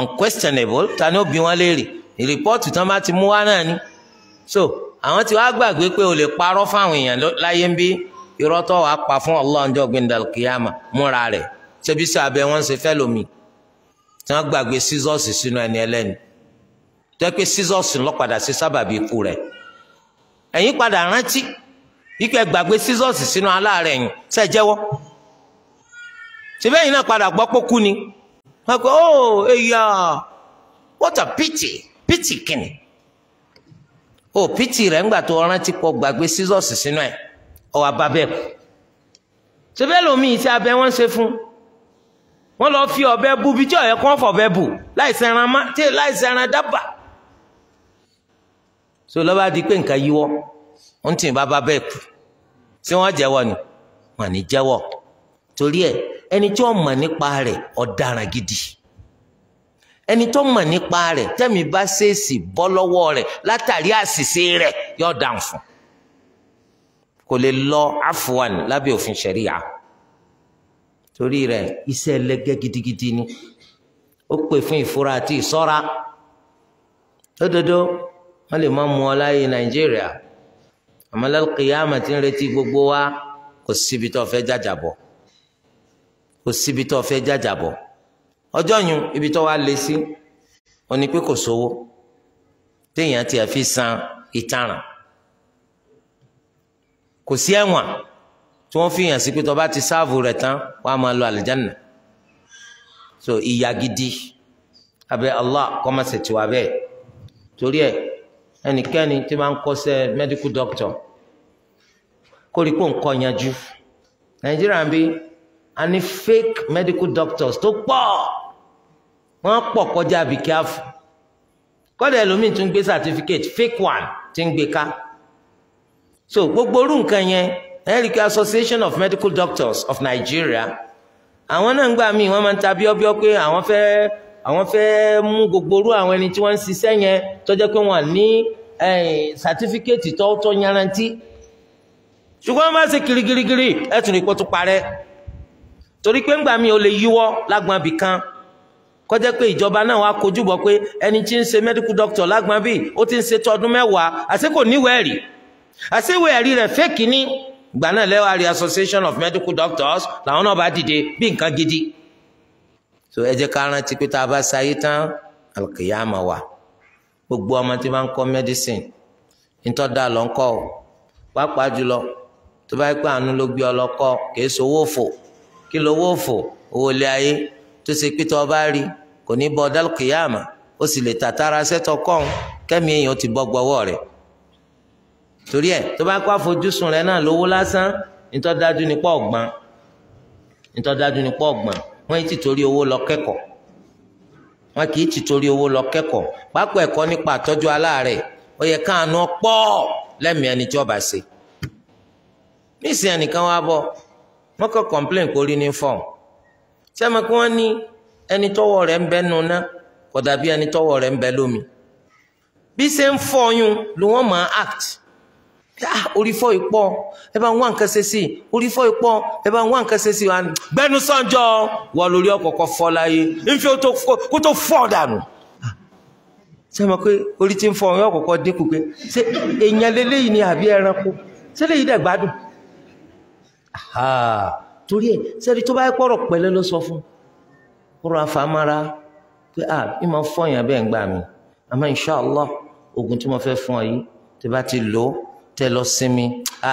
unquestionable ta ni ó bi wọ́n léèrè ìrìpọ́ọ̀tù tán bá ti mú wá náà ni so àwọn tí wàá gbàgbé pé o lè parọ́ fáwọn èèyàn láyé ń bí irọ́ tó wàá pa fún ọlọ́ọ̀njọ́ gbẹndàlùkìyàmà múra rẹ̀ ṣebí sí abẹ tó pé sísọ́ọ̀sì lọ padà sí sábàbí ikú rẹ̀ ẹ̀yin padà rántí wípé gbàgbé sísọ́ọ̀sì sínú aláàárẹ̀ yìí ṣe jẹ́wọ́ ṣèbẹ́yìn náà padà gbọ́ pé kú ni wọ́n pe oh eya what a pity pity kìnnì oh pity rẹ̀ ńgbà tó rántí pọ̀ gbàgbé sísọ́ọ̀sì sínú ẹ̀ ó wá bá bẹ́ẹ̀ kú ṣèbẹ́ lomi ìṣe abẹ wọ́n ṣe fún wọ́n lọ fi ọ̀bẹ bu bí tí ọ̀yẹ́ kọ́ fọ̀bẹ bù láìsẹ̀ran dábàá so lọ́ba di pé nǹkan yíwọ́ ń tì bá bá bẹ́ẹ̀ kú tí wọ́n jẹ́wọ́ ni wọ́n ní jẹ́wọ́ torí ẹ̀ ẹni tí wọ́n mọ̀ nípa rẹ̀ ọ̀daràn gidi ẹni tó mọ̀ nípa rẹ̀ tẹ́mi bá ṣèèṣì bọ́ lọ́wọ́ rẹ̀ látàrí àṣìṣe rẹ̀ yóò dáhùn fún kò lè lọ afuwan lábẹ́ òfin ṣẹ̀ríya torí rẹ̀ iṣẹ́ ẹlẹ́gẹ́ gidigidi ni ó pè fún ìfura àti ìṣọ́ra lódodo wọ́n lè má mú ọ láyé nàìjíríà àmọ́ lálùkìyàmà ti ń retí gbogbo wa kò síbi tó fẹ́ jàjàbọ̀ kò síbi tó fẹ́ jàjàbọ̀ ọjọ́ yun ibi tó wá lé sí ó ní pé kò sówó téèyàn ti fi san ìtaràn kò sí ẹ̀wọ̀n tí wọ́n fi hàn sí pé tó bá ti sáàbù rẹ̀ tán wọ́n á máa lọ àlìjáná so ìyà gidi abẹ́ Allah kó má ṣe tiwa bẹ́ẹ̀ torí ẹ̀ ẹnikẹ́ni tí máa ń kọ́ṣẹ́ medical doctor kórìkò nǹkan yanjú nàìjíríà ń bí a ní fake medical doctors tó pọ̀ wọ́n pọ̀ kọjá be careful kọ́dà ẹlòmíì tún gbé certificate fake one tí ń gbé ká so gbogbo orú nǹkan yẹn American Association of Medical Doctors of Nigeria àwọn náà ń gbà míì wọ́n máa ń ta bíọ́bíọ́ pé àwọn fẹ́ẹ́ àwọn fẹ́ mú gbogbo orú àwọn ẹni tí wọ́n ń ṣiṣẹ́ yẹn tó jẹ́ pé wọ́n ní sàtífíkẹ́ẹ̀tì tó tó yanrantí ṣùgbọ́n má ṣe kirigirigiri ẹ̀tún ní pọ́tù parẹ́ torí pé ńgbà mi ò lè yíwọ́ lágbọ́n bì kan kọjá pé ìjọba náà wàá kojú bọ̀ pé ẹni tí ń ṣe medical doctor lágbọ́n bì ó ti ń ṣe tọdún mẹ́wàá àṣé kò níwèé ẹ̀rí àṣé ìwé ẹ̀rí rẹ̀ fẹ́ẹ̀kì ní ìgbà náà lẹ́wàá rí association of medical doctors làwọn náà bá dìde bí nǹkan gidi so ẹ jẹ́ ká rántí pé tá a bá ṣayé tán alùkìyàmà wà gbogbo ọmọ tí wọ́n kọ́ medicine nítọ́ da lọ ń kọ́ o pàápàá jùlọ tó bá pẹ́ àánú ló gbé ọ lọ kọ́ kìí sowó fò kí lowó fò owó ilé ayé tó ṣe pé tó o bá rí kò ní bọ́ dálùkìyàmà ó sì lè tàtàrà sẹ́tọ̀ kọ́hún kẹ́mi èèyàn ti bọ́ gbọ́wọ́ rẹ̀ torí ẹ̀ tó bá kọ́ àfojúsùn rẹ̀ náà lówó lásán nítọ́ dájú ní ọ̀gbọ́n nítọ́ dájú ní ọ̀gbọ́n wọ́n ti owó lọ wọn kì í ti torí owó lọ kẹ́kọ̀ọ́ pápá nípa àtọ́jú aláàrẹ ó yẹ káàánú pọ̀ lẹ́mìí ẹni tí ọba ṣe níìsín ẹnìkan wá ní fọ́ọ̀mù sẹ́mi kí wọ́n ní ẹni tọ́wọ́ rẹ̀ ń bẹ́ nu ẹni tọwọ rẹ̀ ń bẹ lómi bí ṣe ń ló act Ah, orí fọ́ ìpọ́ ẹ bá ń wá nǹkan ṣe sí i orí fọ́ ìpọ́ ẹ bá ń wá nǹkan ṣe sí i wà ní gbẹ́nu sànjọ́ wà lórí ọ̀kọ̀ọ̀kọ̀ fọ́ láyé nfi kó tó fọ́ dànù. Ah. ṣé mo pé orí ti ń fọ ọ̀rọ̀ ọ̀kọ̀ọ̀kọ̀ dínkù pé ṣé èèyàn lélẹ́yìí ni àbí ẹranko ṣé lèyí dẹ̀ gbádùn. torí ẹ sẹ́ni tó bá yẹ kọ́rọ̀ pẹ̀lẹ́ ló sọ fún ọ̀rọ̀ àfàmárà pé à bí mo fọ́ èèyàn ń gbà mí àmọ́ inṣàlá tẹ lọ sinmi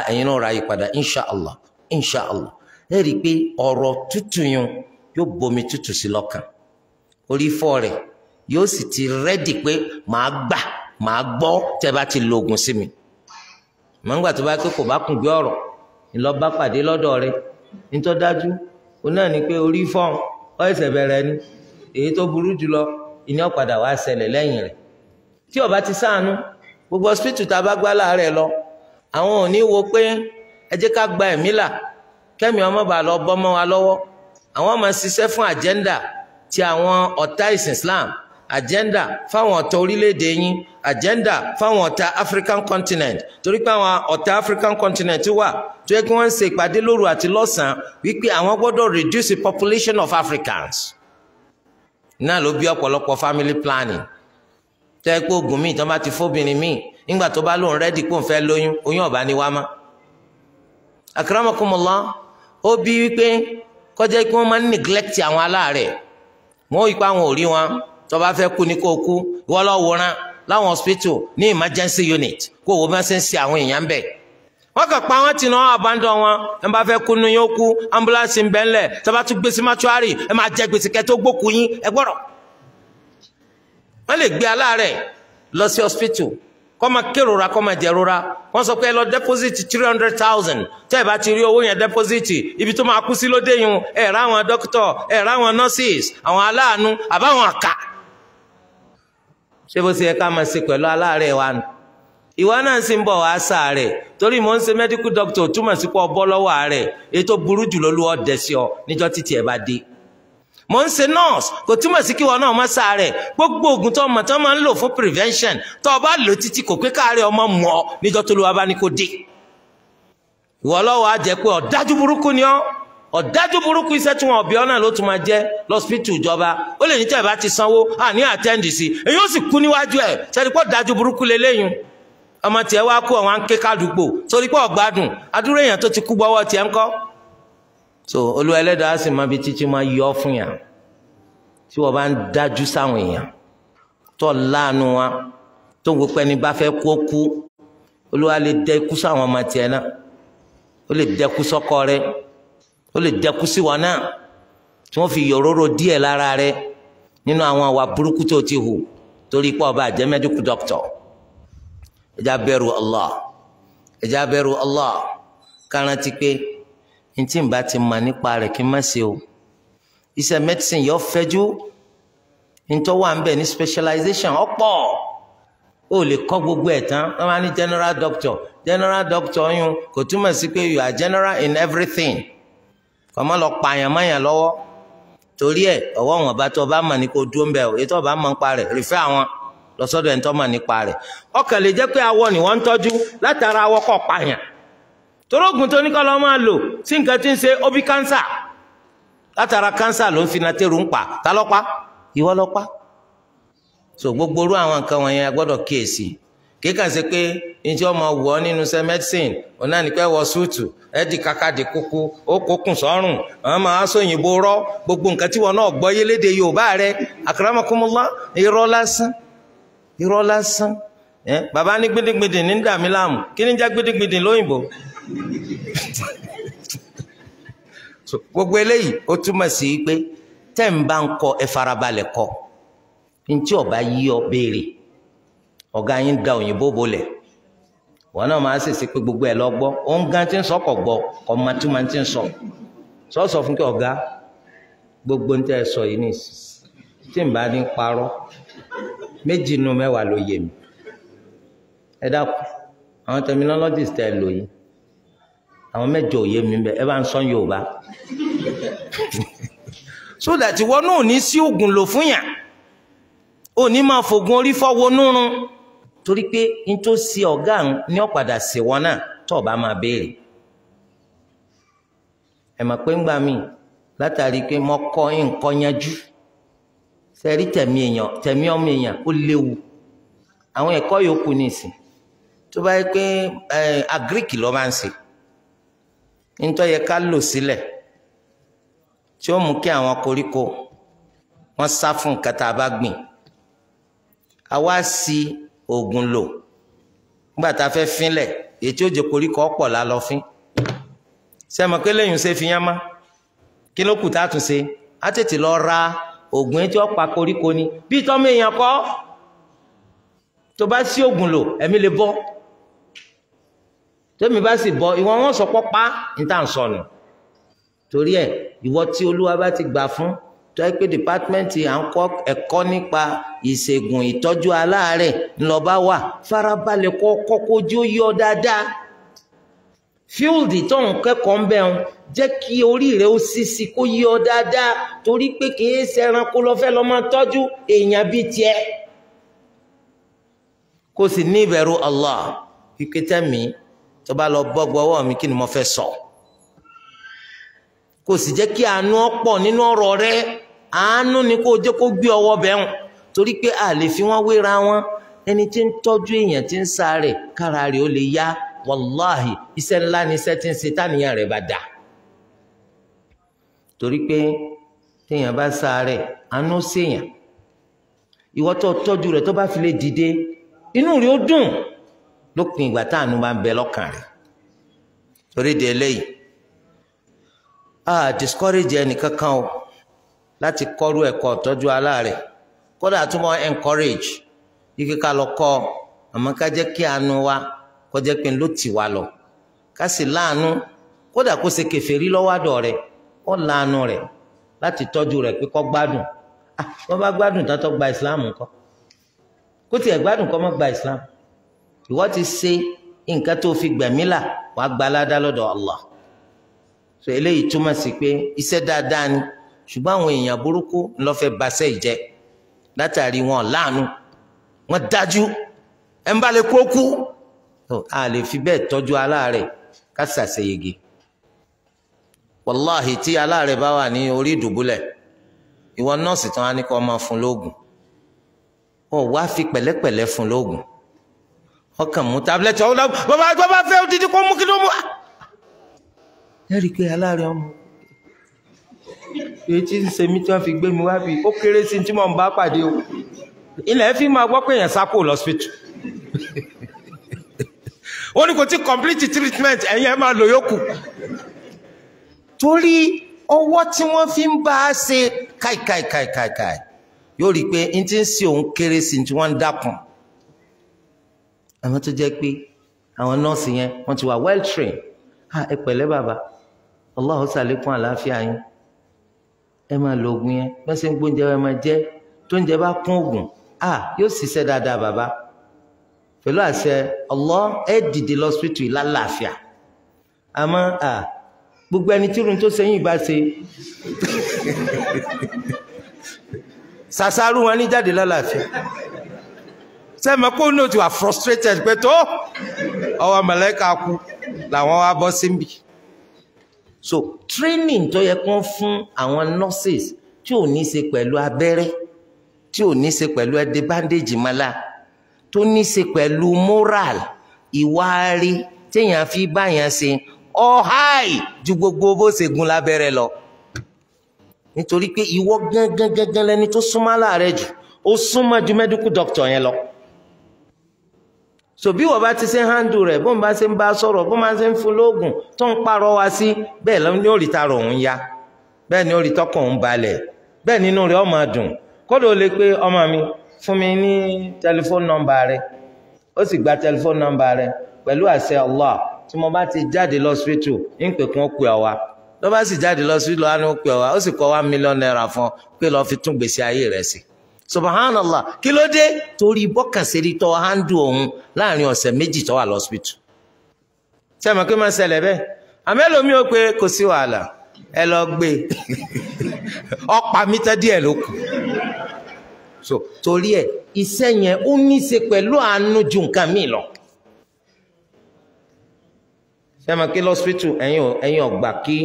ẹ̀yin náà ra yí padà inshallah inshallah ẹ rí i pé ọ̀rọ̀ tútù yun yóò bomi tútù sí lọ́kàn orí fọ́ rẹ̀ yóò sì ti rẹ́dì pé màá gbà màá gbọ́ tẹ bá ti lo oògùn sí mi màǹgbà tó bá pé kò bá kùn gbé ọ̀rọ̀ ńlọ́ba pàdé lọ́dọ̀ rẹ̀ nítọ́ ó náà ní pé orí fọ́ ọ ẹsẹ̀ bẹ̀rẹ̀ ni èyí tó burú jùlọ ìní ọ̀padà wàá ṣẹlẹ̀ lẹ́yìn rẹ̀ tí ó ti ṣàánú gbogbo hospital tá a bá gbá láàárẹ̀ lọ àwọn ò ní wo pé ẹ jẹ́ ká gba ẹ̀mí là kẹ́mi ọmọ bá lọ bọ́mọ wa lọ́wọ́ àwọn máa ṣiṣẹ́ fún àjẹ́ndà ti àwọn ọ̀tá ìsìn Islam agenda fáwọn ọ̀tá orílẹ̀-èdè yín agenda fáwọn ọ̀tá African continent torí pé àwọn ọ̀tá African continent wà tó yẹ kí wọ́n ń ṣe ìpàdé lóru àti lọ́sàn-án wípé àwọn gbọ́dọ̀ reduce the population of Africans náà ló bí ọ̀pọ̀lọpọ̀ family planning tẹ́ pé oògùn míì tán bá ti fóbìnrin míì nígbà tó bá lóun rẹ́dí kó n fẹ́ lóyún oyún ọ̀bá ni wá má. akramakumullah ó bí wípé kọjá pé wọ́n máa ń neglect àwọn aláàárẹ̀ wọ́n ó ipa àwọn ò wọn tó bá fẹ́ kú ni kó kú ìwọ́ lọ́ wòran láwọn hospital ní emergency unit kó wo bí wọ́n ṣe ń ṣe àwọn èèyàn bẹ́ẹ̀ wọ́n kàn pa wọ́n ti náà abandon wọn ẹ bá fẹ́ kú ni yóò kú ambulance ń bẹ ńlẹ̀ tó bá tún gbé sí mortuary ẹ máa jẹ gbèsè kẹ́ tó yín ẹ gbọ́dọ̀ wọ́n lè gbé aláàárẹ̀ lọ sí hospital kọ́mọ kérora kọ́mọ jẹrora wọ́n sọ pé ẹ lọ deposit three hundred thousand tẹ́ ẹ bá ti rí owó yẹn deposit ibi tó máa kú sí lóde yìí ẹ rà àwọn dókítọ̀ ẹ rà àwọn nurses àwọn aláàánú àbáwọn àkà. ṣé bó ṣe yẹ ká máa ṣe pẹ̀lú aláàárẹ̀ wa nù. ìwà náà sì ń bọ̀ wá sáàárẹ̀ torí mò ń ṣe medical doctor túmọ̀ sí pé ọ bọ́ lọ́wọ́ àárẹ̀ èyí tó burú jù ló ọ́ dẹ̀ sí ọ níjọ́ títí ẹ bá dé mo ń ṣe nurse kò túmọ̀ sí kí wọn náà má sáà rẹ̀ gbogbo oògùn tó ọmọ tó máa ń lò fún prevention tó o bá lò títí kò pé káàárẹ̀ ọmọ mọ̀ ọ́ níjọ́ tó lu wa bá ní kó dé ìwọ lọ́wọ́ á jẹ́ pé ọ̀dájú burúkú ni ọ́ ọ̀dájú burúkú iṣẹ́ tí wọn ọ̀bí ọ̀nà ló tún máa jẹ́ lọ́sípítù ìjọba ó lè ní tẹ̀ bá ti sanwó àní àtẹ́ǹdì sí èyí ó sì kú níwájú ẹ̀ sẹ́dípọ̀ dájú burúkú leléyìn ọmọ tiẹ̀ wá kú ọ̀wọ́n á ń torí pé ọ̀gbádùn adúrò tó ti kú gbọ́wọ́ tiẹ̀ ńkọ́ so olúwa ẹlẹ́dàá sì máa bi títí máa yọ fún yàn tí wọ́n bá ń dájú sáwọn èèyàn tó láàánú wa tó ń gbogbo ẹni bá fẹ́ kú ó kú olúwa lè dẹ ikú sáwọn ọmọ tiẹ̀ náà ó lè dẹkú sọ́kọ rẹ ó lè dẹkú síwọ náà tí wọ́n fi yòróró díẹ̀ lára rẹ nínú àwọn àwa burúkú tó ti hù torí pé ọba àjẹ́ mẹ́díkù dọ́kítọ̀ ẹja bẹ̀rù Allah ẹja bẹ̀rù Allah kárántí pé ní tí n bá ti mọ̀ nípa rẹ̀ kí n má ṣe o iṣẹ́ medicine yọ fẹ́jú nítorí wà ń bẹ̀ ní specialization ọ̀pọ̀ o lè kọ́ gbogbo ẹ̀ tán wọ́n máa ní general doctor general doctor yun kò túmọ̀ sí pé you are general in everything kò má lọ pààyàn máyàn lọ́wọ́ torí ẹ̀ ọwọ́ wọn bá tó o bá mọ̀ ní kó o dúró ń bẹ̀ o ètò ọba mọ̀ nípa rẹ̀ rìfẹ́ àwọn lọ́sọ́dọ̀ ẹ̀ ń tọ́ mọ̀ nípa rẹ̀ ọkàn lè jẹ́ pé awọ ni wọ́n ń tọ́jú látara awọ kọ̀ pààyàn torógùn tó ní kọ́ lọ́ máa lò sí nǹkan tí ń ṣe kansa bí kánsà látara kánsà ló ń fi ń ta so gbogbo orú àwọn nǹkan wọ̀nyẹn a kíyèsí kíkà sí pé njẹ́ ọmọ wù ọ́ nínú sẹ́ medicine ọ̀nà nípẹ́ wọ súùtù ẹ̀ di kàkà di kúkú ó kókùn sọ́rùn àwọn gbogbo nǹkan tí náà gbọ́ Yorùbá rẹ irọ́ lásán irọ́ lásán bàbá ní gbogbo eléyìí ó túmọ̀ sí pé tẹ́ ń bá ń kọ ẹ kọ ntí ọba yí ọ béèrè ọ̀gá yín da òyìnbó bolẹ̀ wọn náà máa ṣèṣe pé gbogbo ẹ lọ ń sọ kọ̀ gbọ́ máa tún máa ń sọ sọ́sọ fún kí gbogbo tẹ́ ẹ sọ yìí ní nu mẹ́wàá ló mi ẹ dákun àwọn àwọn mẹ́jọ òye mi bẹ ẹ bá ń sọ́n yorùbá so that ìwọ náà ò ní sí oògùn lò fún yàn ò ní máa fògùn orí fọwọ́ nírun torí pé n tó ṣe ọ̀gá ní ọ̀padà sí wọn náà tó bá máa béèrè ẹ mọ̀ pé ń gbà mí látàrí pé mo kọ́ ń yanjú sẹ́rí tẹ̀mí èèyàn tẹ̀mí ọmọ èèyàn ó léwu àwọn ẹ̀kọ́ yòókù nìsín tó bá yẹ pé agric ló máa ń ṣe nítorí yẹ ká lò sílẹ̀ tí ó mú kí àwọn koríko wọ́n sá fún nǹkan tá a bá gbìn a wá sí oògùn lò nígbà tá a fẹ́ fínlẹ̀ èyí tí ó jẹ koríko ọ̀pọ̀ la lọ fín sẹ́mi pé lẹ́yìn ṣe fi yán má kí ló kù tá a tún ṣe á tètè lọ ra oògùn etí ọ̀pá koríko ni bí tọ́mọ èèyàn kọ́ tó bá sí oògùn lò ẹ̀mí lè bọ́ tẹ́mi bá sì bọ́ ìwọ wọn sọ pọ́pá níta ń sọnù torí ẹ̀ ìwọ tí olúwa bá ti gbà fún tó ẹ pé dìpátímẹ́ǹtì à ń kọ́ ẹ̀kọ́ nípa ìṣègùn ìtọ́jú aláàárẹ̀ ńlọba wà farabalẹ̀ kọ́ kọ́kọ́ jí ó yọ dáadáa fíldì tó ń kẹ́kọ̀ọ́ ń bẹ̀ ń jẹ́ kí orí rẹ̀ ó sisi kó yí ọ dáadáa torí pé kìí ṣẹranko lọ́fẹ́ lọ́ máa tọ́jú èèyàn bíi tiẹ̀ kó sì ní ìbẹ̀rù Allah ìpẹ́tẹ́mìí tó bá lọ bọ́gbọ́ ọwọ́ mi kí ni mo fẹ́ sọ kò sì jẹ́ kí àánú ọ̀pọ̀ nínú ọ̀rọ̀ rẹ àánú ni kó jẹ́ kó gbé ọwọ́ bẹ́hùn torí pé a lè fi wọ́n wéra wọn ẹni tí ń tọ́jú èèyàn tí ń sáré kára rẹ̀ ó lè yá wàláhì iṣẹ́ ńlá ni iṣẹ́ tí ń ṣe táníyàn rẹ̀ bá dà torí pé téèyàn bá sáré àánú séèyàn ìwọ tó tọ́jú rẹ̀ tó bá fi lè dìde inú rẹ̀ ó dùn lópin ìgbà táànù bá ń bẹ lọ́kàn rẹ̀ torí di eléyìí a discourage ẹnìkankan o láti kọ́rú ẹ̀kọ́ tọ́jú aláàrẹ̀ kódà tó mọ́ encourage ike ká lọ kọ́ àmọ́ ká jẹ́ kí àánú wa kó jẹ́ pé ló tì wá lọ ká sì láàánú kódà kó ṣe kèfèrí lọ́wọ́dọ̀ rẹ̀ kó láàánú rẹ̀ láti tọ́jú rẹ̀ pé kó gbádùn ah wọ́n bá gbádùn tán tó gba ìsìláàmù kọ́ kó tiẹ̀ gbádùn kó má gba ìsìláàmù ìwọ ti ṣe nǹkan tó fi gbẹ̀mí là wàá gba lọ́dọ̀ Allah so eléyìí túmọ̀ sí pé iṣẹ́ dáadáa ni ṣùgbọ́n àwọn èèyàn burúkú ńlọ́fẹ́ baṣẹ́ ìjẹ́ látàrí wọn láàánú wọn dájú ẹ̀ ń bá lè kó kú a lè fi bẹ́ẹ̀ tọ́jú aláàárẹ̀ ká ṣàṣeyege wàláhì tí aláàárẹ̀ bá wà ní orí ìdùbúlẹ̀ ìwọ nọ́ọ̀sì tán á ní kó máa fún lóògùn ọ̀ wá fi pẹ̀lẹ́pẹ̀lẹ́ fún lóògùn ọkàn mú tablet ọ̀hún bàbá bàbá fẹ́ odidi kó mú kí ló mú wa. ẹ rí i pé aláàárẹ̀ ọmọ èyí tí sèmi tí wọ́n fi gbé mi wá bí ó kéré sí tí mo ń bá pàdé o ilẹ̀ fi máa gbọ́ pé èèyàn sápò lọ́sípítù ó ní kò tí complete treatment ẹ̀yin ẹ̀ máa lò yókù torí ọwọ́ tí wọ́n fi ń bá a ṣe káìkáìkáìkáì yóò rí i pé n ti ń ṣe òun kéré sí tí wọ́n ń dákun àwọn tó jẹ́ pé àwọn nọ́ọ̀sì yẹn wọ́n ti wà well trained à ẹ pẹ̀lẹ́ bàbá ọlọ́run ṣàlékún àlàáfíà yín ẹ máa lo oògùn yẹn bẹ́ẹ̀ ṣe ń gbóúnjẹ ẹ máa jẹ tó ń jẹ bá kún oògùn à yóò ṣiṣẹ́ dáadáa bàbá pẹ̀lú àṣẹ ọlọ́ ẹ dìde lọ sípìtì lálàáfíà àmọ́ à gbogbo ẹni tí irun tó sẹ́yìn bá ṣe ṣàṣàrù wọn ní jáde lálàáfíà sẹ́mi kó ní o ti wà frustrated pé tó ọwọ́ mẹ̀lẹ́ka kú làwọn wá bọ́ síbí. so training tó yẹ kán fún àwọn nurses tí ò ní í ṣe pẹ̀lú abẹ́rẹ́ tí ò ní í ṣe pẹ̀lú ẹdẹ bandage mọ́lá tó ní í ṣe pẹ̀lú moral ìwà rí téèyàn fi báyàn ṣe ọ̀háì ju gbogbo bó ṣe gun lábẹ́rẹ́ lọ. nítorí pé ìwọ gángan gángan lẹni tó súnmọ́ láàárẹ̀ jù ó súnmọ́ ju medical doctor yẹn lọ so bí wọ́n bá ti ṣe handle rẹ̀ bóun bá ṣe ń bá sọ̀rọ̀ bóun bá ṣe ń fún lóògùn tó ń parọ́ wá sí bẹ́ẹ̀ lọ ní òrìta rọ̀ òun ya bẹ́ẹ̀ ni òrìta ọkàn òun balẹ̀ bẹ́ẹ̀ nínú rẹ̀ ó dùn kódà ó lè pé ọmọ mi fún mi ní tẹlifóònù nọ́mbà rẹ̀ ó sì gba tẹlifóònù nọ́mbà rẹ̀ pẹ̀lú àṣẹ Allah tí mo bá ti jáde lọ sípítù ń pè kún ó pè ọ wa ló bá sì jáde lọ sípítù lọ́wọ́ á ní ó pè ọ wa ó sì kọ́ one million naira fún ọ pé lọ́ọ́ fi tún gbèsè ayé rẹ̀ sí subhanallah kí ló dé torí bọ́kànṣẹ́rí tọ́ du òun láàrin ọ̀sẹ̀ méjì tó wà lọ́sibítù sẹ́mi kí máa ṣẹlẹ̀ bẹ́ẹ̀ àmẹ́lòmí ó pé kò sí wàhálà torí ẹ iṣẹ́ yẹn ó ní í ṣe pẹ̀lú àánú ju nǹkan míì lọ sẹ́mi kí lọ́sibítù ẹ̀yin ọ̀gbà kí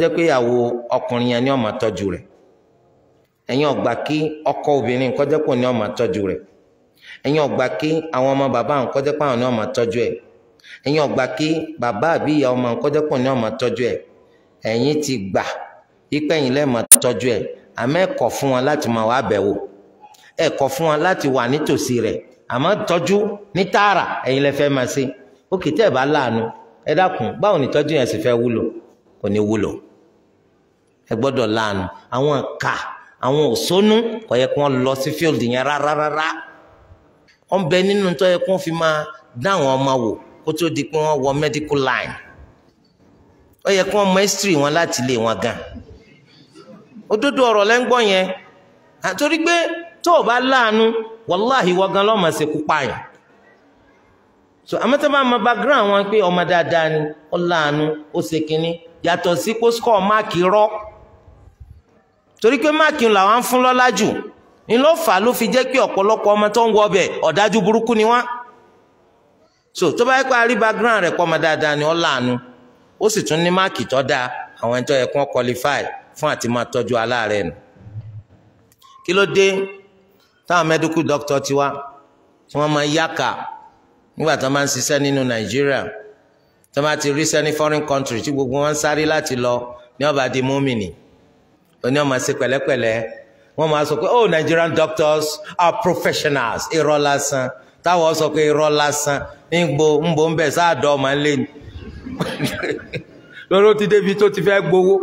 jẹ́ pé rẹ̀ ẹ̀yin ọ̀gbà kí ọkọ obìnrin kó jẹ́ pé ní ó máa tọ́jú rẹ̀ ẹ̀yin ọ̀gbà kí àwọn ọmọ bàbá kó jẹ́ pé àwọn ní ó máa tọ́jú ẹ̀ ẹ̀yin ọ̀gbà kí bàbá àbí ìyá ọmọ kó jẹ́ pé ní ó máa tọ́jú ẹ̀ ẹ̀yin ti gbà ipẹ́ yìí lẹ́ẹ̀ máa tọ́jú ẹ̀ àmọ́ fún wọn láti máa wá bẹ̀wò ẹ̀kọ́ fún wọn láti wà nítòsí rẹ̀ àmọ́ tọ́jú ní tààrà ẹ̀yin lẹ́fẹ́ máa ṣe ó kì í tẹ̀ bá láàánú ẹ dákun báwo ni tọ́jú yẹn sì fẹ́ wúlò kò ní wúlò ẹ gbọ́dọ̀ láàánú àwọn kà àwọn osonu, kò yẹ kí lọ sí fíìlì yẹn rárá rárá wọ́n bẹ nínú tó yẹ kí fi máa dá àwọn ọmọ wò kó tó di pé wọ medical line ó yẹ kí wọ́n wọn láti lé wọn gan òdodo ọrọ lẹ́ yẹn pé tó o bá láàánú wàláhì wọ́n gan ṣe kú so bá wọn pé ọmọ dáadáa ni ó láàánú ó ṣe kínní torí pé máàkì làwọn ń fún lọ́lá jù ni ló fà ló fi jẹ́ pé ọ̀pọ̀lọpọ̀ ọmọ tó ń wọ ọbẹ̀ ọ̀dájú burúkú ni wọ́n so tó bá yẹ pé àrí background rẹ̀ pọ̀ ọmọ dáadáa ni ó láàánú ó sì tún ní máàkì tó dáa àwọn ẹni tó yẹ kí wọ́n qualify fún àti máa tọ́jú aláàárẹ̀ nù kí ló dé táwọn medical doctor ti wá tí wọ́n máa yáka nígbà tó máa ń ṣiṣẹ́ nínú Nàìjíríà tó máa ti ríṣẹ́ ní foreign country tí gbogbo wọn ń sáré láti lọ ní ọba di múmìnì oní ọmọ ṣe pẹ̀lẹ́pẹ̀lẹ́ wọ́n máa sọ pé oh Nigerian doctors are professionals irọ́ lásán táwọn sọ pé irọ́ lásán nígbò ńbò ń bẹ̀ sáàdọ̀ ọmọ ńlẹ̀ ni lọ́rọ́ ti débi tó ti fẹ́ gbowó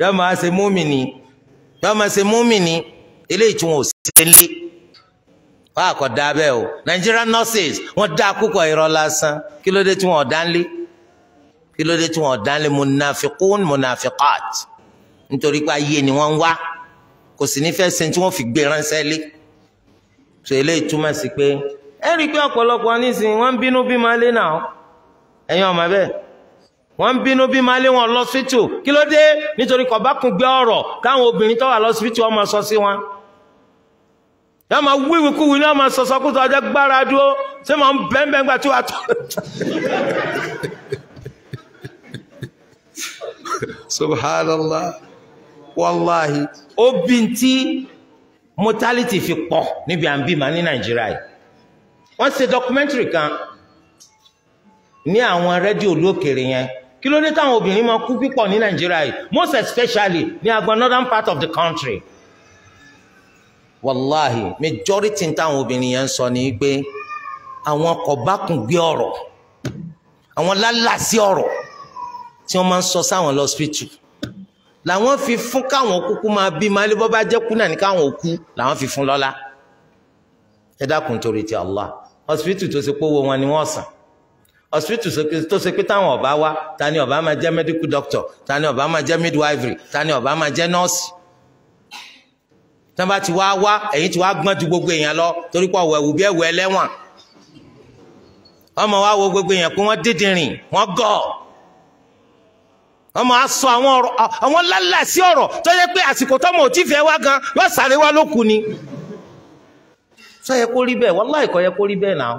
yọ máa ṣe múmìnì yọ máa ṣe múmìnì eléyìí tí wọn ò ṣe àkọ́dá bẹ́ẹ̀ o Nigerian nurses wọ́n dá púpọ̀ irọ́ lásán kí ló dé tí wọ́n ọ̀dá ń lé kí ló dé tí wọ́n ọ̀dá ń lé munafikun munafikat nítorí pé ayé ni wọ́n ń wá kò sì ní fẹ́ sin tí wọ́n fi gbé ránṣẹ́ lé tó eléyìí túmọ̀ sí pé ẹ rí i pé ọ̀pọ̀lọpọ̀ nísìnyí wọ́n ń bínú bí máa lé náà ẹ̀yin ọ̀mọ̀ bẹ́ẹ̀ wọ́n ń bínú bí máa lé wọn lọ́sítù kí ló dé nítorí kò gbé ọ̀rọ̀ káwọn obìnrin tó wà lọ́sítù ọmọ sọ sí wọn yọ máa wíwì kúwì náà máa sọsọ kó tó ọjọ́ gbára dúró tí mo ń bẹ́ẹ̀bẹ́ẹ̀ gbà tí wàá tọ́ subhanallah wàláhì ó bí tí mortality fi pọ̀ níbi à ń bímọ ní nàìjíríà yìí wọ́n ṣe documentary kan ní àwọn rédíò lókèrè yẹn kí ló dé táwọn obìnrin máa kú pípọ̀ ní nàìjíríà yìí most especially ní agbọn northern part of the country wàláhì majority táwọn obìnrin yẹn ń sọ ni pé àwọn kò bá kún gbé ọ̀rọ̀ àwọn lálàsí ọ̀rọ̀ tí wọ́n máa ń sọ sáwọn lọ́sítù làwọn fi fún káwọn kúkú máa bí máa lé bọ́ bá jẹ́ kú náà ní káwọn òkú làwọn fi fún lọ́lá ẹ dákun torí ti Allah hospital tó ṣe pówó wọn ni wọ́n sàn hospital tó ṣe pé táwọn ọba wá ta ni ọba máa jẹ́ medical doctor ta ni ọba máa jẹ́ midwifery ta ni ọba máa jẹ́ nurse tán ti wá wá ẹ̀yin ti wá gbọ́n ju gbogbo èèyàn lọ torí pé ọ̀wẹ̀wù bí ẹ̀wù ẹlẹ́wọ̀n ọmọ wa wo gbogbo èèyàn pé wọ́n dídìrín wọ́n gọ̀ọ́ ọmọ asọ àwọn ọ̀rọ̀ àwọn lálà sí ọ̀rọ̀ tó yẹ pé àsìkò tọmọ ò tí fẹ́ wá gan yóò sáré wá lókù ni sọ yẹ kó rí bẹ́ẹ̀ wàláì kò yẹ kó rí bẹ́ẹ̀ náà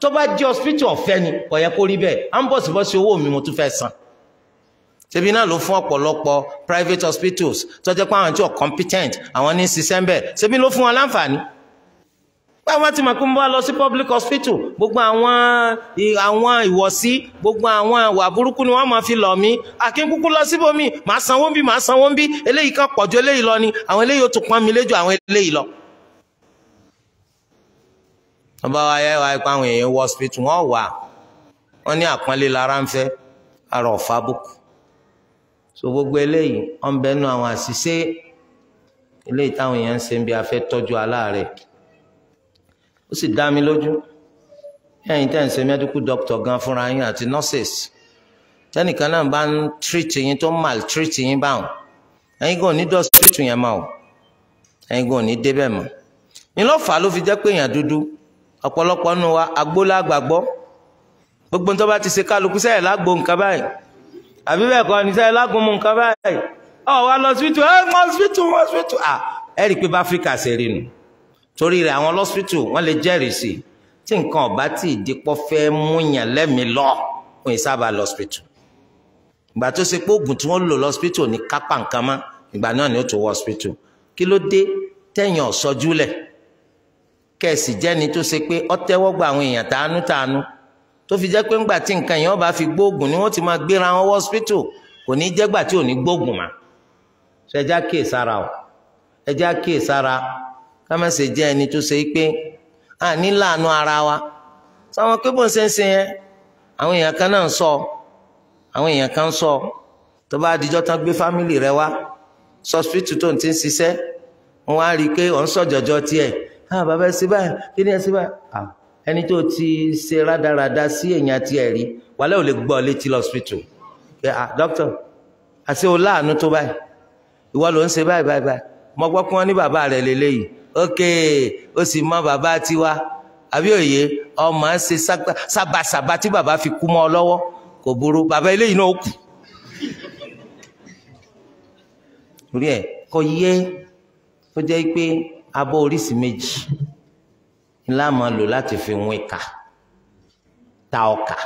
tó bá jẹ́ hospital ọ̀fẹ́ ni kò yẹ kó rí bẹ́ẹ̀ à ń bọ̀sibọ́sí owó mi mo tún fẹ́ san ṣebí náà ló fún ọ̀pọ̀lọpọ̀ private hospitals tó jẹ́ pé àwọn tí ò competent àwọn ní ṣiṣẹ́ ṣebí ló fún wọn láǹfààní báwọn ti mọ̀ pé mo lọ sí public hospital gbogbo àwọn àwọn ìwọ̀sí gbogbo àwọn àwà burúkú ni wọ́n máa fi lọ̀ mí akínkúkú lọ síbòmí màá sanwó bí màá sanwó bí eléyìí kan pọ̀jù eléyìí lọ ni àwọn eléyìí ó tún pọ́n mi léjò àwọn eléyìí lọ. wọ́n wa yẹ́ wa ipa àwọn èèyàn wọ hospital wọ́n wà wọ́n ní àpọ́nlé lára ń fẹ́ ara ọ̀fà bùkù so gbogbo eléyìí wọ́n bẹ́ẹ̀ àwọn àṣìṣe eléyìí táwọn èèyàn ń ó sì dá mi lójú ẹ̀yin tẹ́ ń ṣe mẹ́díkù dọ́kítọ̀ gan fúnra yín àti nurses tẹ́nìkan náà bá ń treat yín tó ń maltreat yín báwọn ẹ̀yin gan ní dọ́sítù yẹn mọ́ ẹ̀yin gan ní débẹ̀ mọ́ ni lọ́fà ló fi jẹ́ pé èèyàn dúdú ọ̀pọ̀lọpọ̀ nù wa agbólá gbàgbọ́ gbogbo tó bá ti ṣe kálukú sẹ́yìn lágbo nǹkan báyìí àbí bẹ́ẹ̀ kọ́ ni sẹ́yìn lágbo mu nǹkan báyìí ọ̀ wá lọ ẹ̀ mọ́ ẹ̀ rí i pé bá áfíríkà ṣe rí nu torí rẹ̀ àwọn lọ́sítù wọ́n lè jẹ́rìí sí tí nǹkan ọ̀bá tí ìdípọ̀ fẹ́ múyàn lẹ́mìí lọ fún ìsábà lọ́sítù ìgbà tó ṣe pé oògùn tí wọ́n lò lọ́sítù ní kápá nǹkan mọ́ ìgbà náà ni ó tó wọ lọ́sítù kí ló dé tẹ̀yàn ọ̀sọ́júlẹ̀ kẹ̀sì jẹ́ni tó ṣe pé ó tẹ́wọ́ gba àwọn èèyàn tàánú tàánú tó fi jẹ́ pé ńgbà tí nǹkan yẹn bá fi gbóògùn ni wọ́n ti máa gbéra wọn wọ́ lọ́sítù kò ní jẹ́gbà tí ò ní gbóògùn mà ṣẹjá kíyèsára ò ẹjá kíyèsára kámẹ́sẹ̀ jẹ́ ẹni tó ṣe pé a ní láàánú ara wa sáwọn pé bó ń ṣe ń ṣe yẹn àwọn èèyàn kan náà ń sọ àwọn èèyàn kan ń sọ tó bá adijọ́ tán gbé fámìlì rẹ wá sọ́spítù tó ń ti ń ṣiṣẹ́ wọn á rí i pé òun sọ̀jọ̀jọ̀ tiẹ̀ ah bàbá ẹ ṣe báyìí kí ni ẹ ṣe báyìí ah ẹni tó ti ṣe rádaràda sí èèyàn tiẹ̀ rí wàhálà ò lè gbọ́ létí lọ́spítù pé ah dókítà àti o láàánú tó báyìí ìwọ ló ń ṣe báyìí báyìí báyìí mo gbọ́ pé wọ́n ní bàbá rẹ̀ lélẹ́yìí ok ó sì mọ bàbá tiwa àbí òye ọmọ ẹ ṣe sábàsábà tí bàbá fi kú mọ́ ọ lọ́wọ́ kò burú bàbá eléyìí náà kù torí ẹ kò yẹ kó jẹ́ pé abọ́ oríṣi méjì ńlá máa lò láti fi wín ká ta ọkà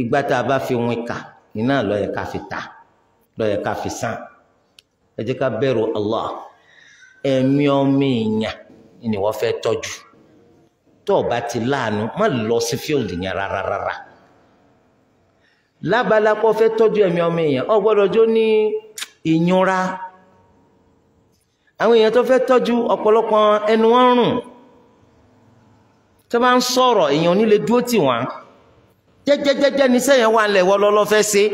ìgbà tá a bá fi wín ká iná ló fi ta ló fi san ẹ jẹ́ ká bẹ̀rù Allah ẹ̀mí ọmọ èèyàn ni wọ́n fẹ́ tọ́jú tó o bá ti láàánú má lọ sí fíòlì yẹn rárá rárá lábala kó fẹ́ tọ́jú ẹ̀mí ọmọ èèyàn o gbọ́dọ̀ jó ní ìyúnra àwọn èèyàn tó fẹ́ tọ́jú ọ̀pọ̀lọpọ̀ ẹnu wọn rùn tó bá ń sọ̀rọ̀ èèyàn onílé dúró tì wọ́n jẹ́jẹ́jẹ́jẹ́ ní sẹ́yìn wà lẹ̀ wọ́n fẹ́ ṣe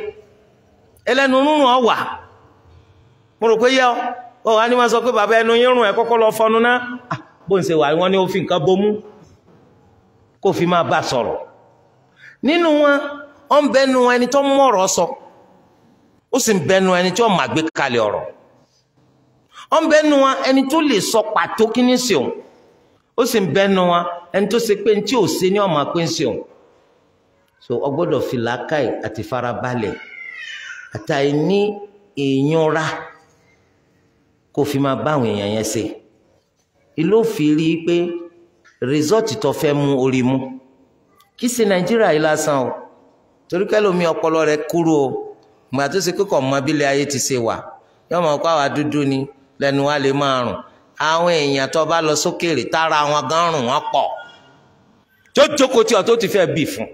ẹlẹ́nu rúnrún ọ̀ wà mo rò pé yẹ ọ́ ó wá ní wọ́n sọ pé bàbá ẹnu yín kọ́kọ́ lọ fọnu náà ah, bó ń ṣe wà wọ́n ó fi nǹkan bomú kó fi máa bá sọ̀rọ̀ nínú wọn ó ń bẹnu ẹni tó mú sọ ó sì ń bẹnu ẹni tó màgbé kalẹ̀ sọ pàtó kí ní ṣeun ó sì ń bẹnu wọn ẹni tó pé ní tí ò ní ọmọ pé ń so kó fi máa bá àwọn èèyàn yẹn ṣe ìlú fi rí i pé rìsọ́ọ̀tì tó fẹ́ mú orí mú kì í ṣe nàìjíríà yìí lásán o torí kẹ́lòmí ọpọlọ rẹ̀ kúrò o gbà tó ṣe kíkọ̀ mọ abílẹ̀ ayé ti ṣe wà yọ mọ̀ kó àwa dúdú ni lẹ́nu wa lè máa rùn àwọn èèyàn tó bá lọ sókèèrè tára wọn gan rùn wọn pọ̀ tó jókòó tí ọ tó ti fẹ́ bì fún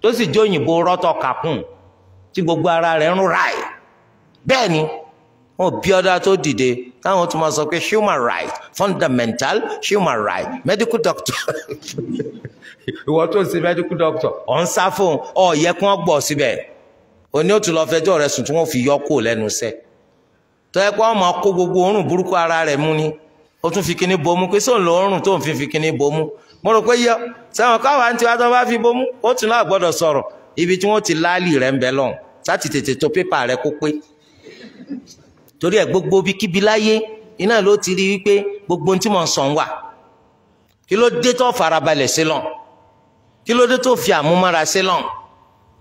tó sì jó òyìnbó rọ́tọ̀ kàkùn tí gbogbo ara rẹ̀ ń ráì bẹ́ẹ̀ ni wọn ò bí ọdá tó dìde táwọn tó máa sọ pé human right fundamental human right medical doctor ìwọ tó ṣe medical doctor ọ̀ ń sá fún ọ yẹ kí wọ́n gbọ́ síbẹ̀ òní ò tún lọ fẹjọ́ rẹ sùn tí wọ́n fi yọ kó lẹ́nu iṣẹ́ tó yẹ pé wọ́n máa kó gbogbo òórùn burúkú ara rẹ̀ mú ni ó tún fi kíní bomú pé sóun lo òórùn tó ń fi fi kíní bomú mo rò pé yọ sẹ́wọ̀n káwa ń tiwa tó bá fi bomú ó tún náà gbọ́dọ̀ sọ̀rọ̀ ibi tí wọ́n ti láàlì rẹ̀ ń bẹ lọ́hùn sátì tètè tó pépà rẹ̀ kó pé torí ẹ gbogbo bíkíbi láyé iná ló ti rí wípé gbogbo ohun tí mò ń wà kí ló dé tó farabalẹ̀ sí kí ló dé tó fi àmúmára sí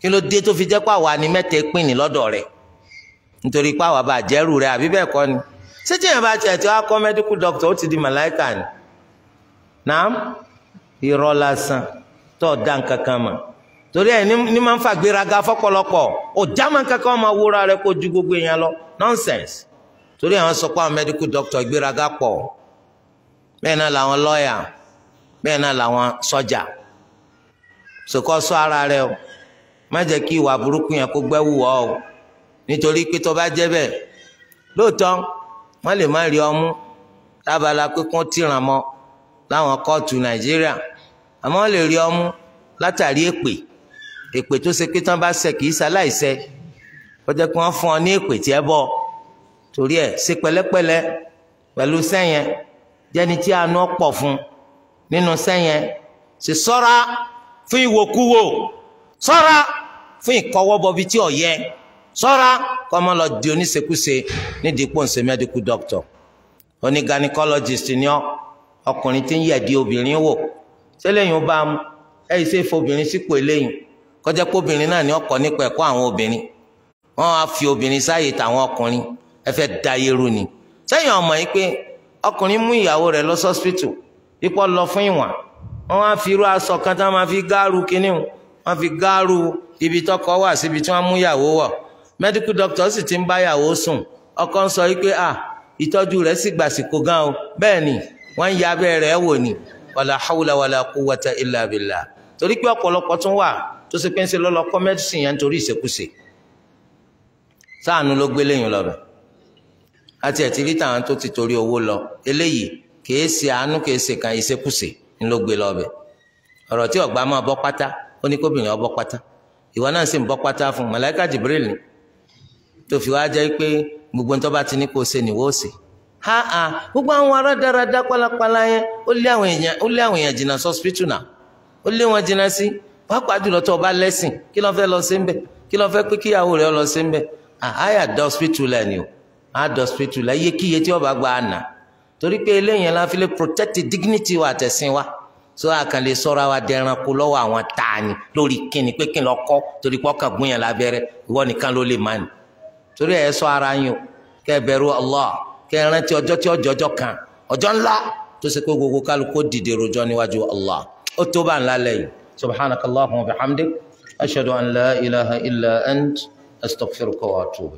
kí ló dé tó fi jẹ́ ni mẹ́tẹ̀ẹ́ pín ní lọ́dọ̀ rẹ̀ nítorí pé bá jẹ́rù rẹ̀ àbí ni ṣé bá tiẹ̀ tí wàá kọ́ kankan máa wúra kó ju gbogbo èèyàn lọ torí àwọn sọ pé àwọn medical doctor ìgbéraga pọ̀ bẹ́ẹ̀ náà làwọn lọ́ọ̀yà bẹ́ẹ̀ náà làwọn sọ́jà sòkò sọ ara rẹ o má jẹ́ kí ìwà burúkú yẹn kó gbẹ́wù wọ́ o nítorí pé tó bá jẹ́ bẹ́ẹ̀ lóòótọ́ wọ́n lè má rí ọmú lábala pé tìràn mọ́ láwọn kóòtù nàìjíríà àmọ́ wọ́n lè rí ọmú látàrí èpè èpè tó ṣe pé tán bá ṣe kì í ṣaláìṣẹ ó jẹ́ pé wọ́n fún ọ ní èpè tí ẹ bọ́ torí ẹ ṣe pẹ̀lẹ́pẹ̀lẹ́ pẹ̀lú sẹyẹn jẹni tí a nọ pọ fún nínú sẹyẹn ṣe ṣọ́ra fún ìwòkuwò ṣọ́ra fún ìkọwọ́bọbi tí ò yẹ ṣọ́ra kọmọ lọ di oníṣekúṣe nídìí pọnṣẹ mẹdíkù dọkítọ oní gynecologist ni ọ ọkùnrin tí ń yẹ̀dí obìnrin wò sẹ́lẹ̀yìn ó bá mu ẹ̀ ṣe fobìnrin sípò eléyìn kọjá pé obìnrin náà ni ọkọ̀ nípa ẹ̀kọ́ àwọn obìnrin wọ́n á fi obìnrin sáàyè tàwọn ọkùnrin ẹ fẹ́ da yeru ni sẹ́yìn ọmọ yìí pé ọkùnrin mú ìyàwó rẹ̀ lọ sọ́spítù ipò lọ fún ìwọ̀n wọ́n wá fi irú aṣọ kan tí wọ́n máa fi gáàrú kínní wọ́n fi gáàrú ibi tọkọ wà síbi tí wọ́n mú ìyàwó wọ̀ medical doctor sì ti ń bá ìyàwó sùn ọkọ ń sọ wípé à ìtọ́jú rẹ̀ sì gbàsìkò gan o bẹ́ẹ̀ ni wọ́n ń ya abẹ́ rẹ̀ wò ni wàlà hawla wàlà quwwata illa billah torí pé ọ̀pọ̀lọpọ̀ tún wà tó ṣe pé ń ṣe lọ́lọ́ kọ́ yẹn nítorí ìṣekúṣe sáànù ló gbé léyìn lọ́bẹ̀ẹ́ àti ẹ̀tí rí tó ti torí owó lọ eléyìí kìí ṣe àánú kìí ṣe kan ìṣekúṣe ńlọ gbé ọrọ ọ̀rọ̀ tí ọ̀gbá máa bọ́ pátá ó ní kóbìnrin ọ pátá ìwọ náà sì ń bọ́ pátá fún màláíkà Jibril ni tó fi gbogbo ń ti ní kó ha ha gbogbo àwọn ará dáradá pálapàla yẹn ó lé àwọn èèyàn ó lé àwọn èèyàn jìnnà sọ́spítù náà ó lé wọn jìnnà sí jùlọ àdọ̀sìpẹ̀tù la yékiyé tí wọ́n bá gba àná torí pé eléyìí la fi lè protect dignity wa àtẹ̀sìn wa so àkànlè sọ́ra wa dẹranko lọ́wọ́ àwọn tààní lórí kíni pé kí n torí pé ọkàn gún lábẹ́rẹ́ ìwọ nìkan ló lè máa nì torí ẹ̀ ṣọ́ ara yín o kẹ́ bẹ̀rù Allah kẹ́ rántí ọjọ́ tí ọjọ́ ọjọ́ kan ọjọ́ ńlá tó ṣe pé gbogbo kálukú dìde rojọ́ níwájú Allah ó tó bá ńlá lẹ́yìn subhanakallahumma wa bihamdik ashhadu ilaha illa ant astaghfiruka wa atubu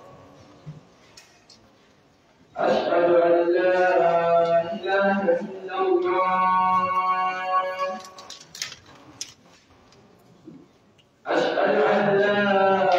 أشهد أن لا إله إلا الله أشهد أن لا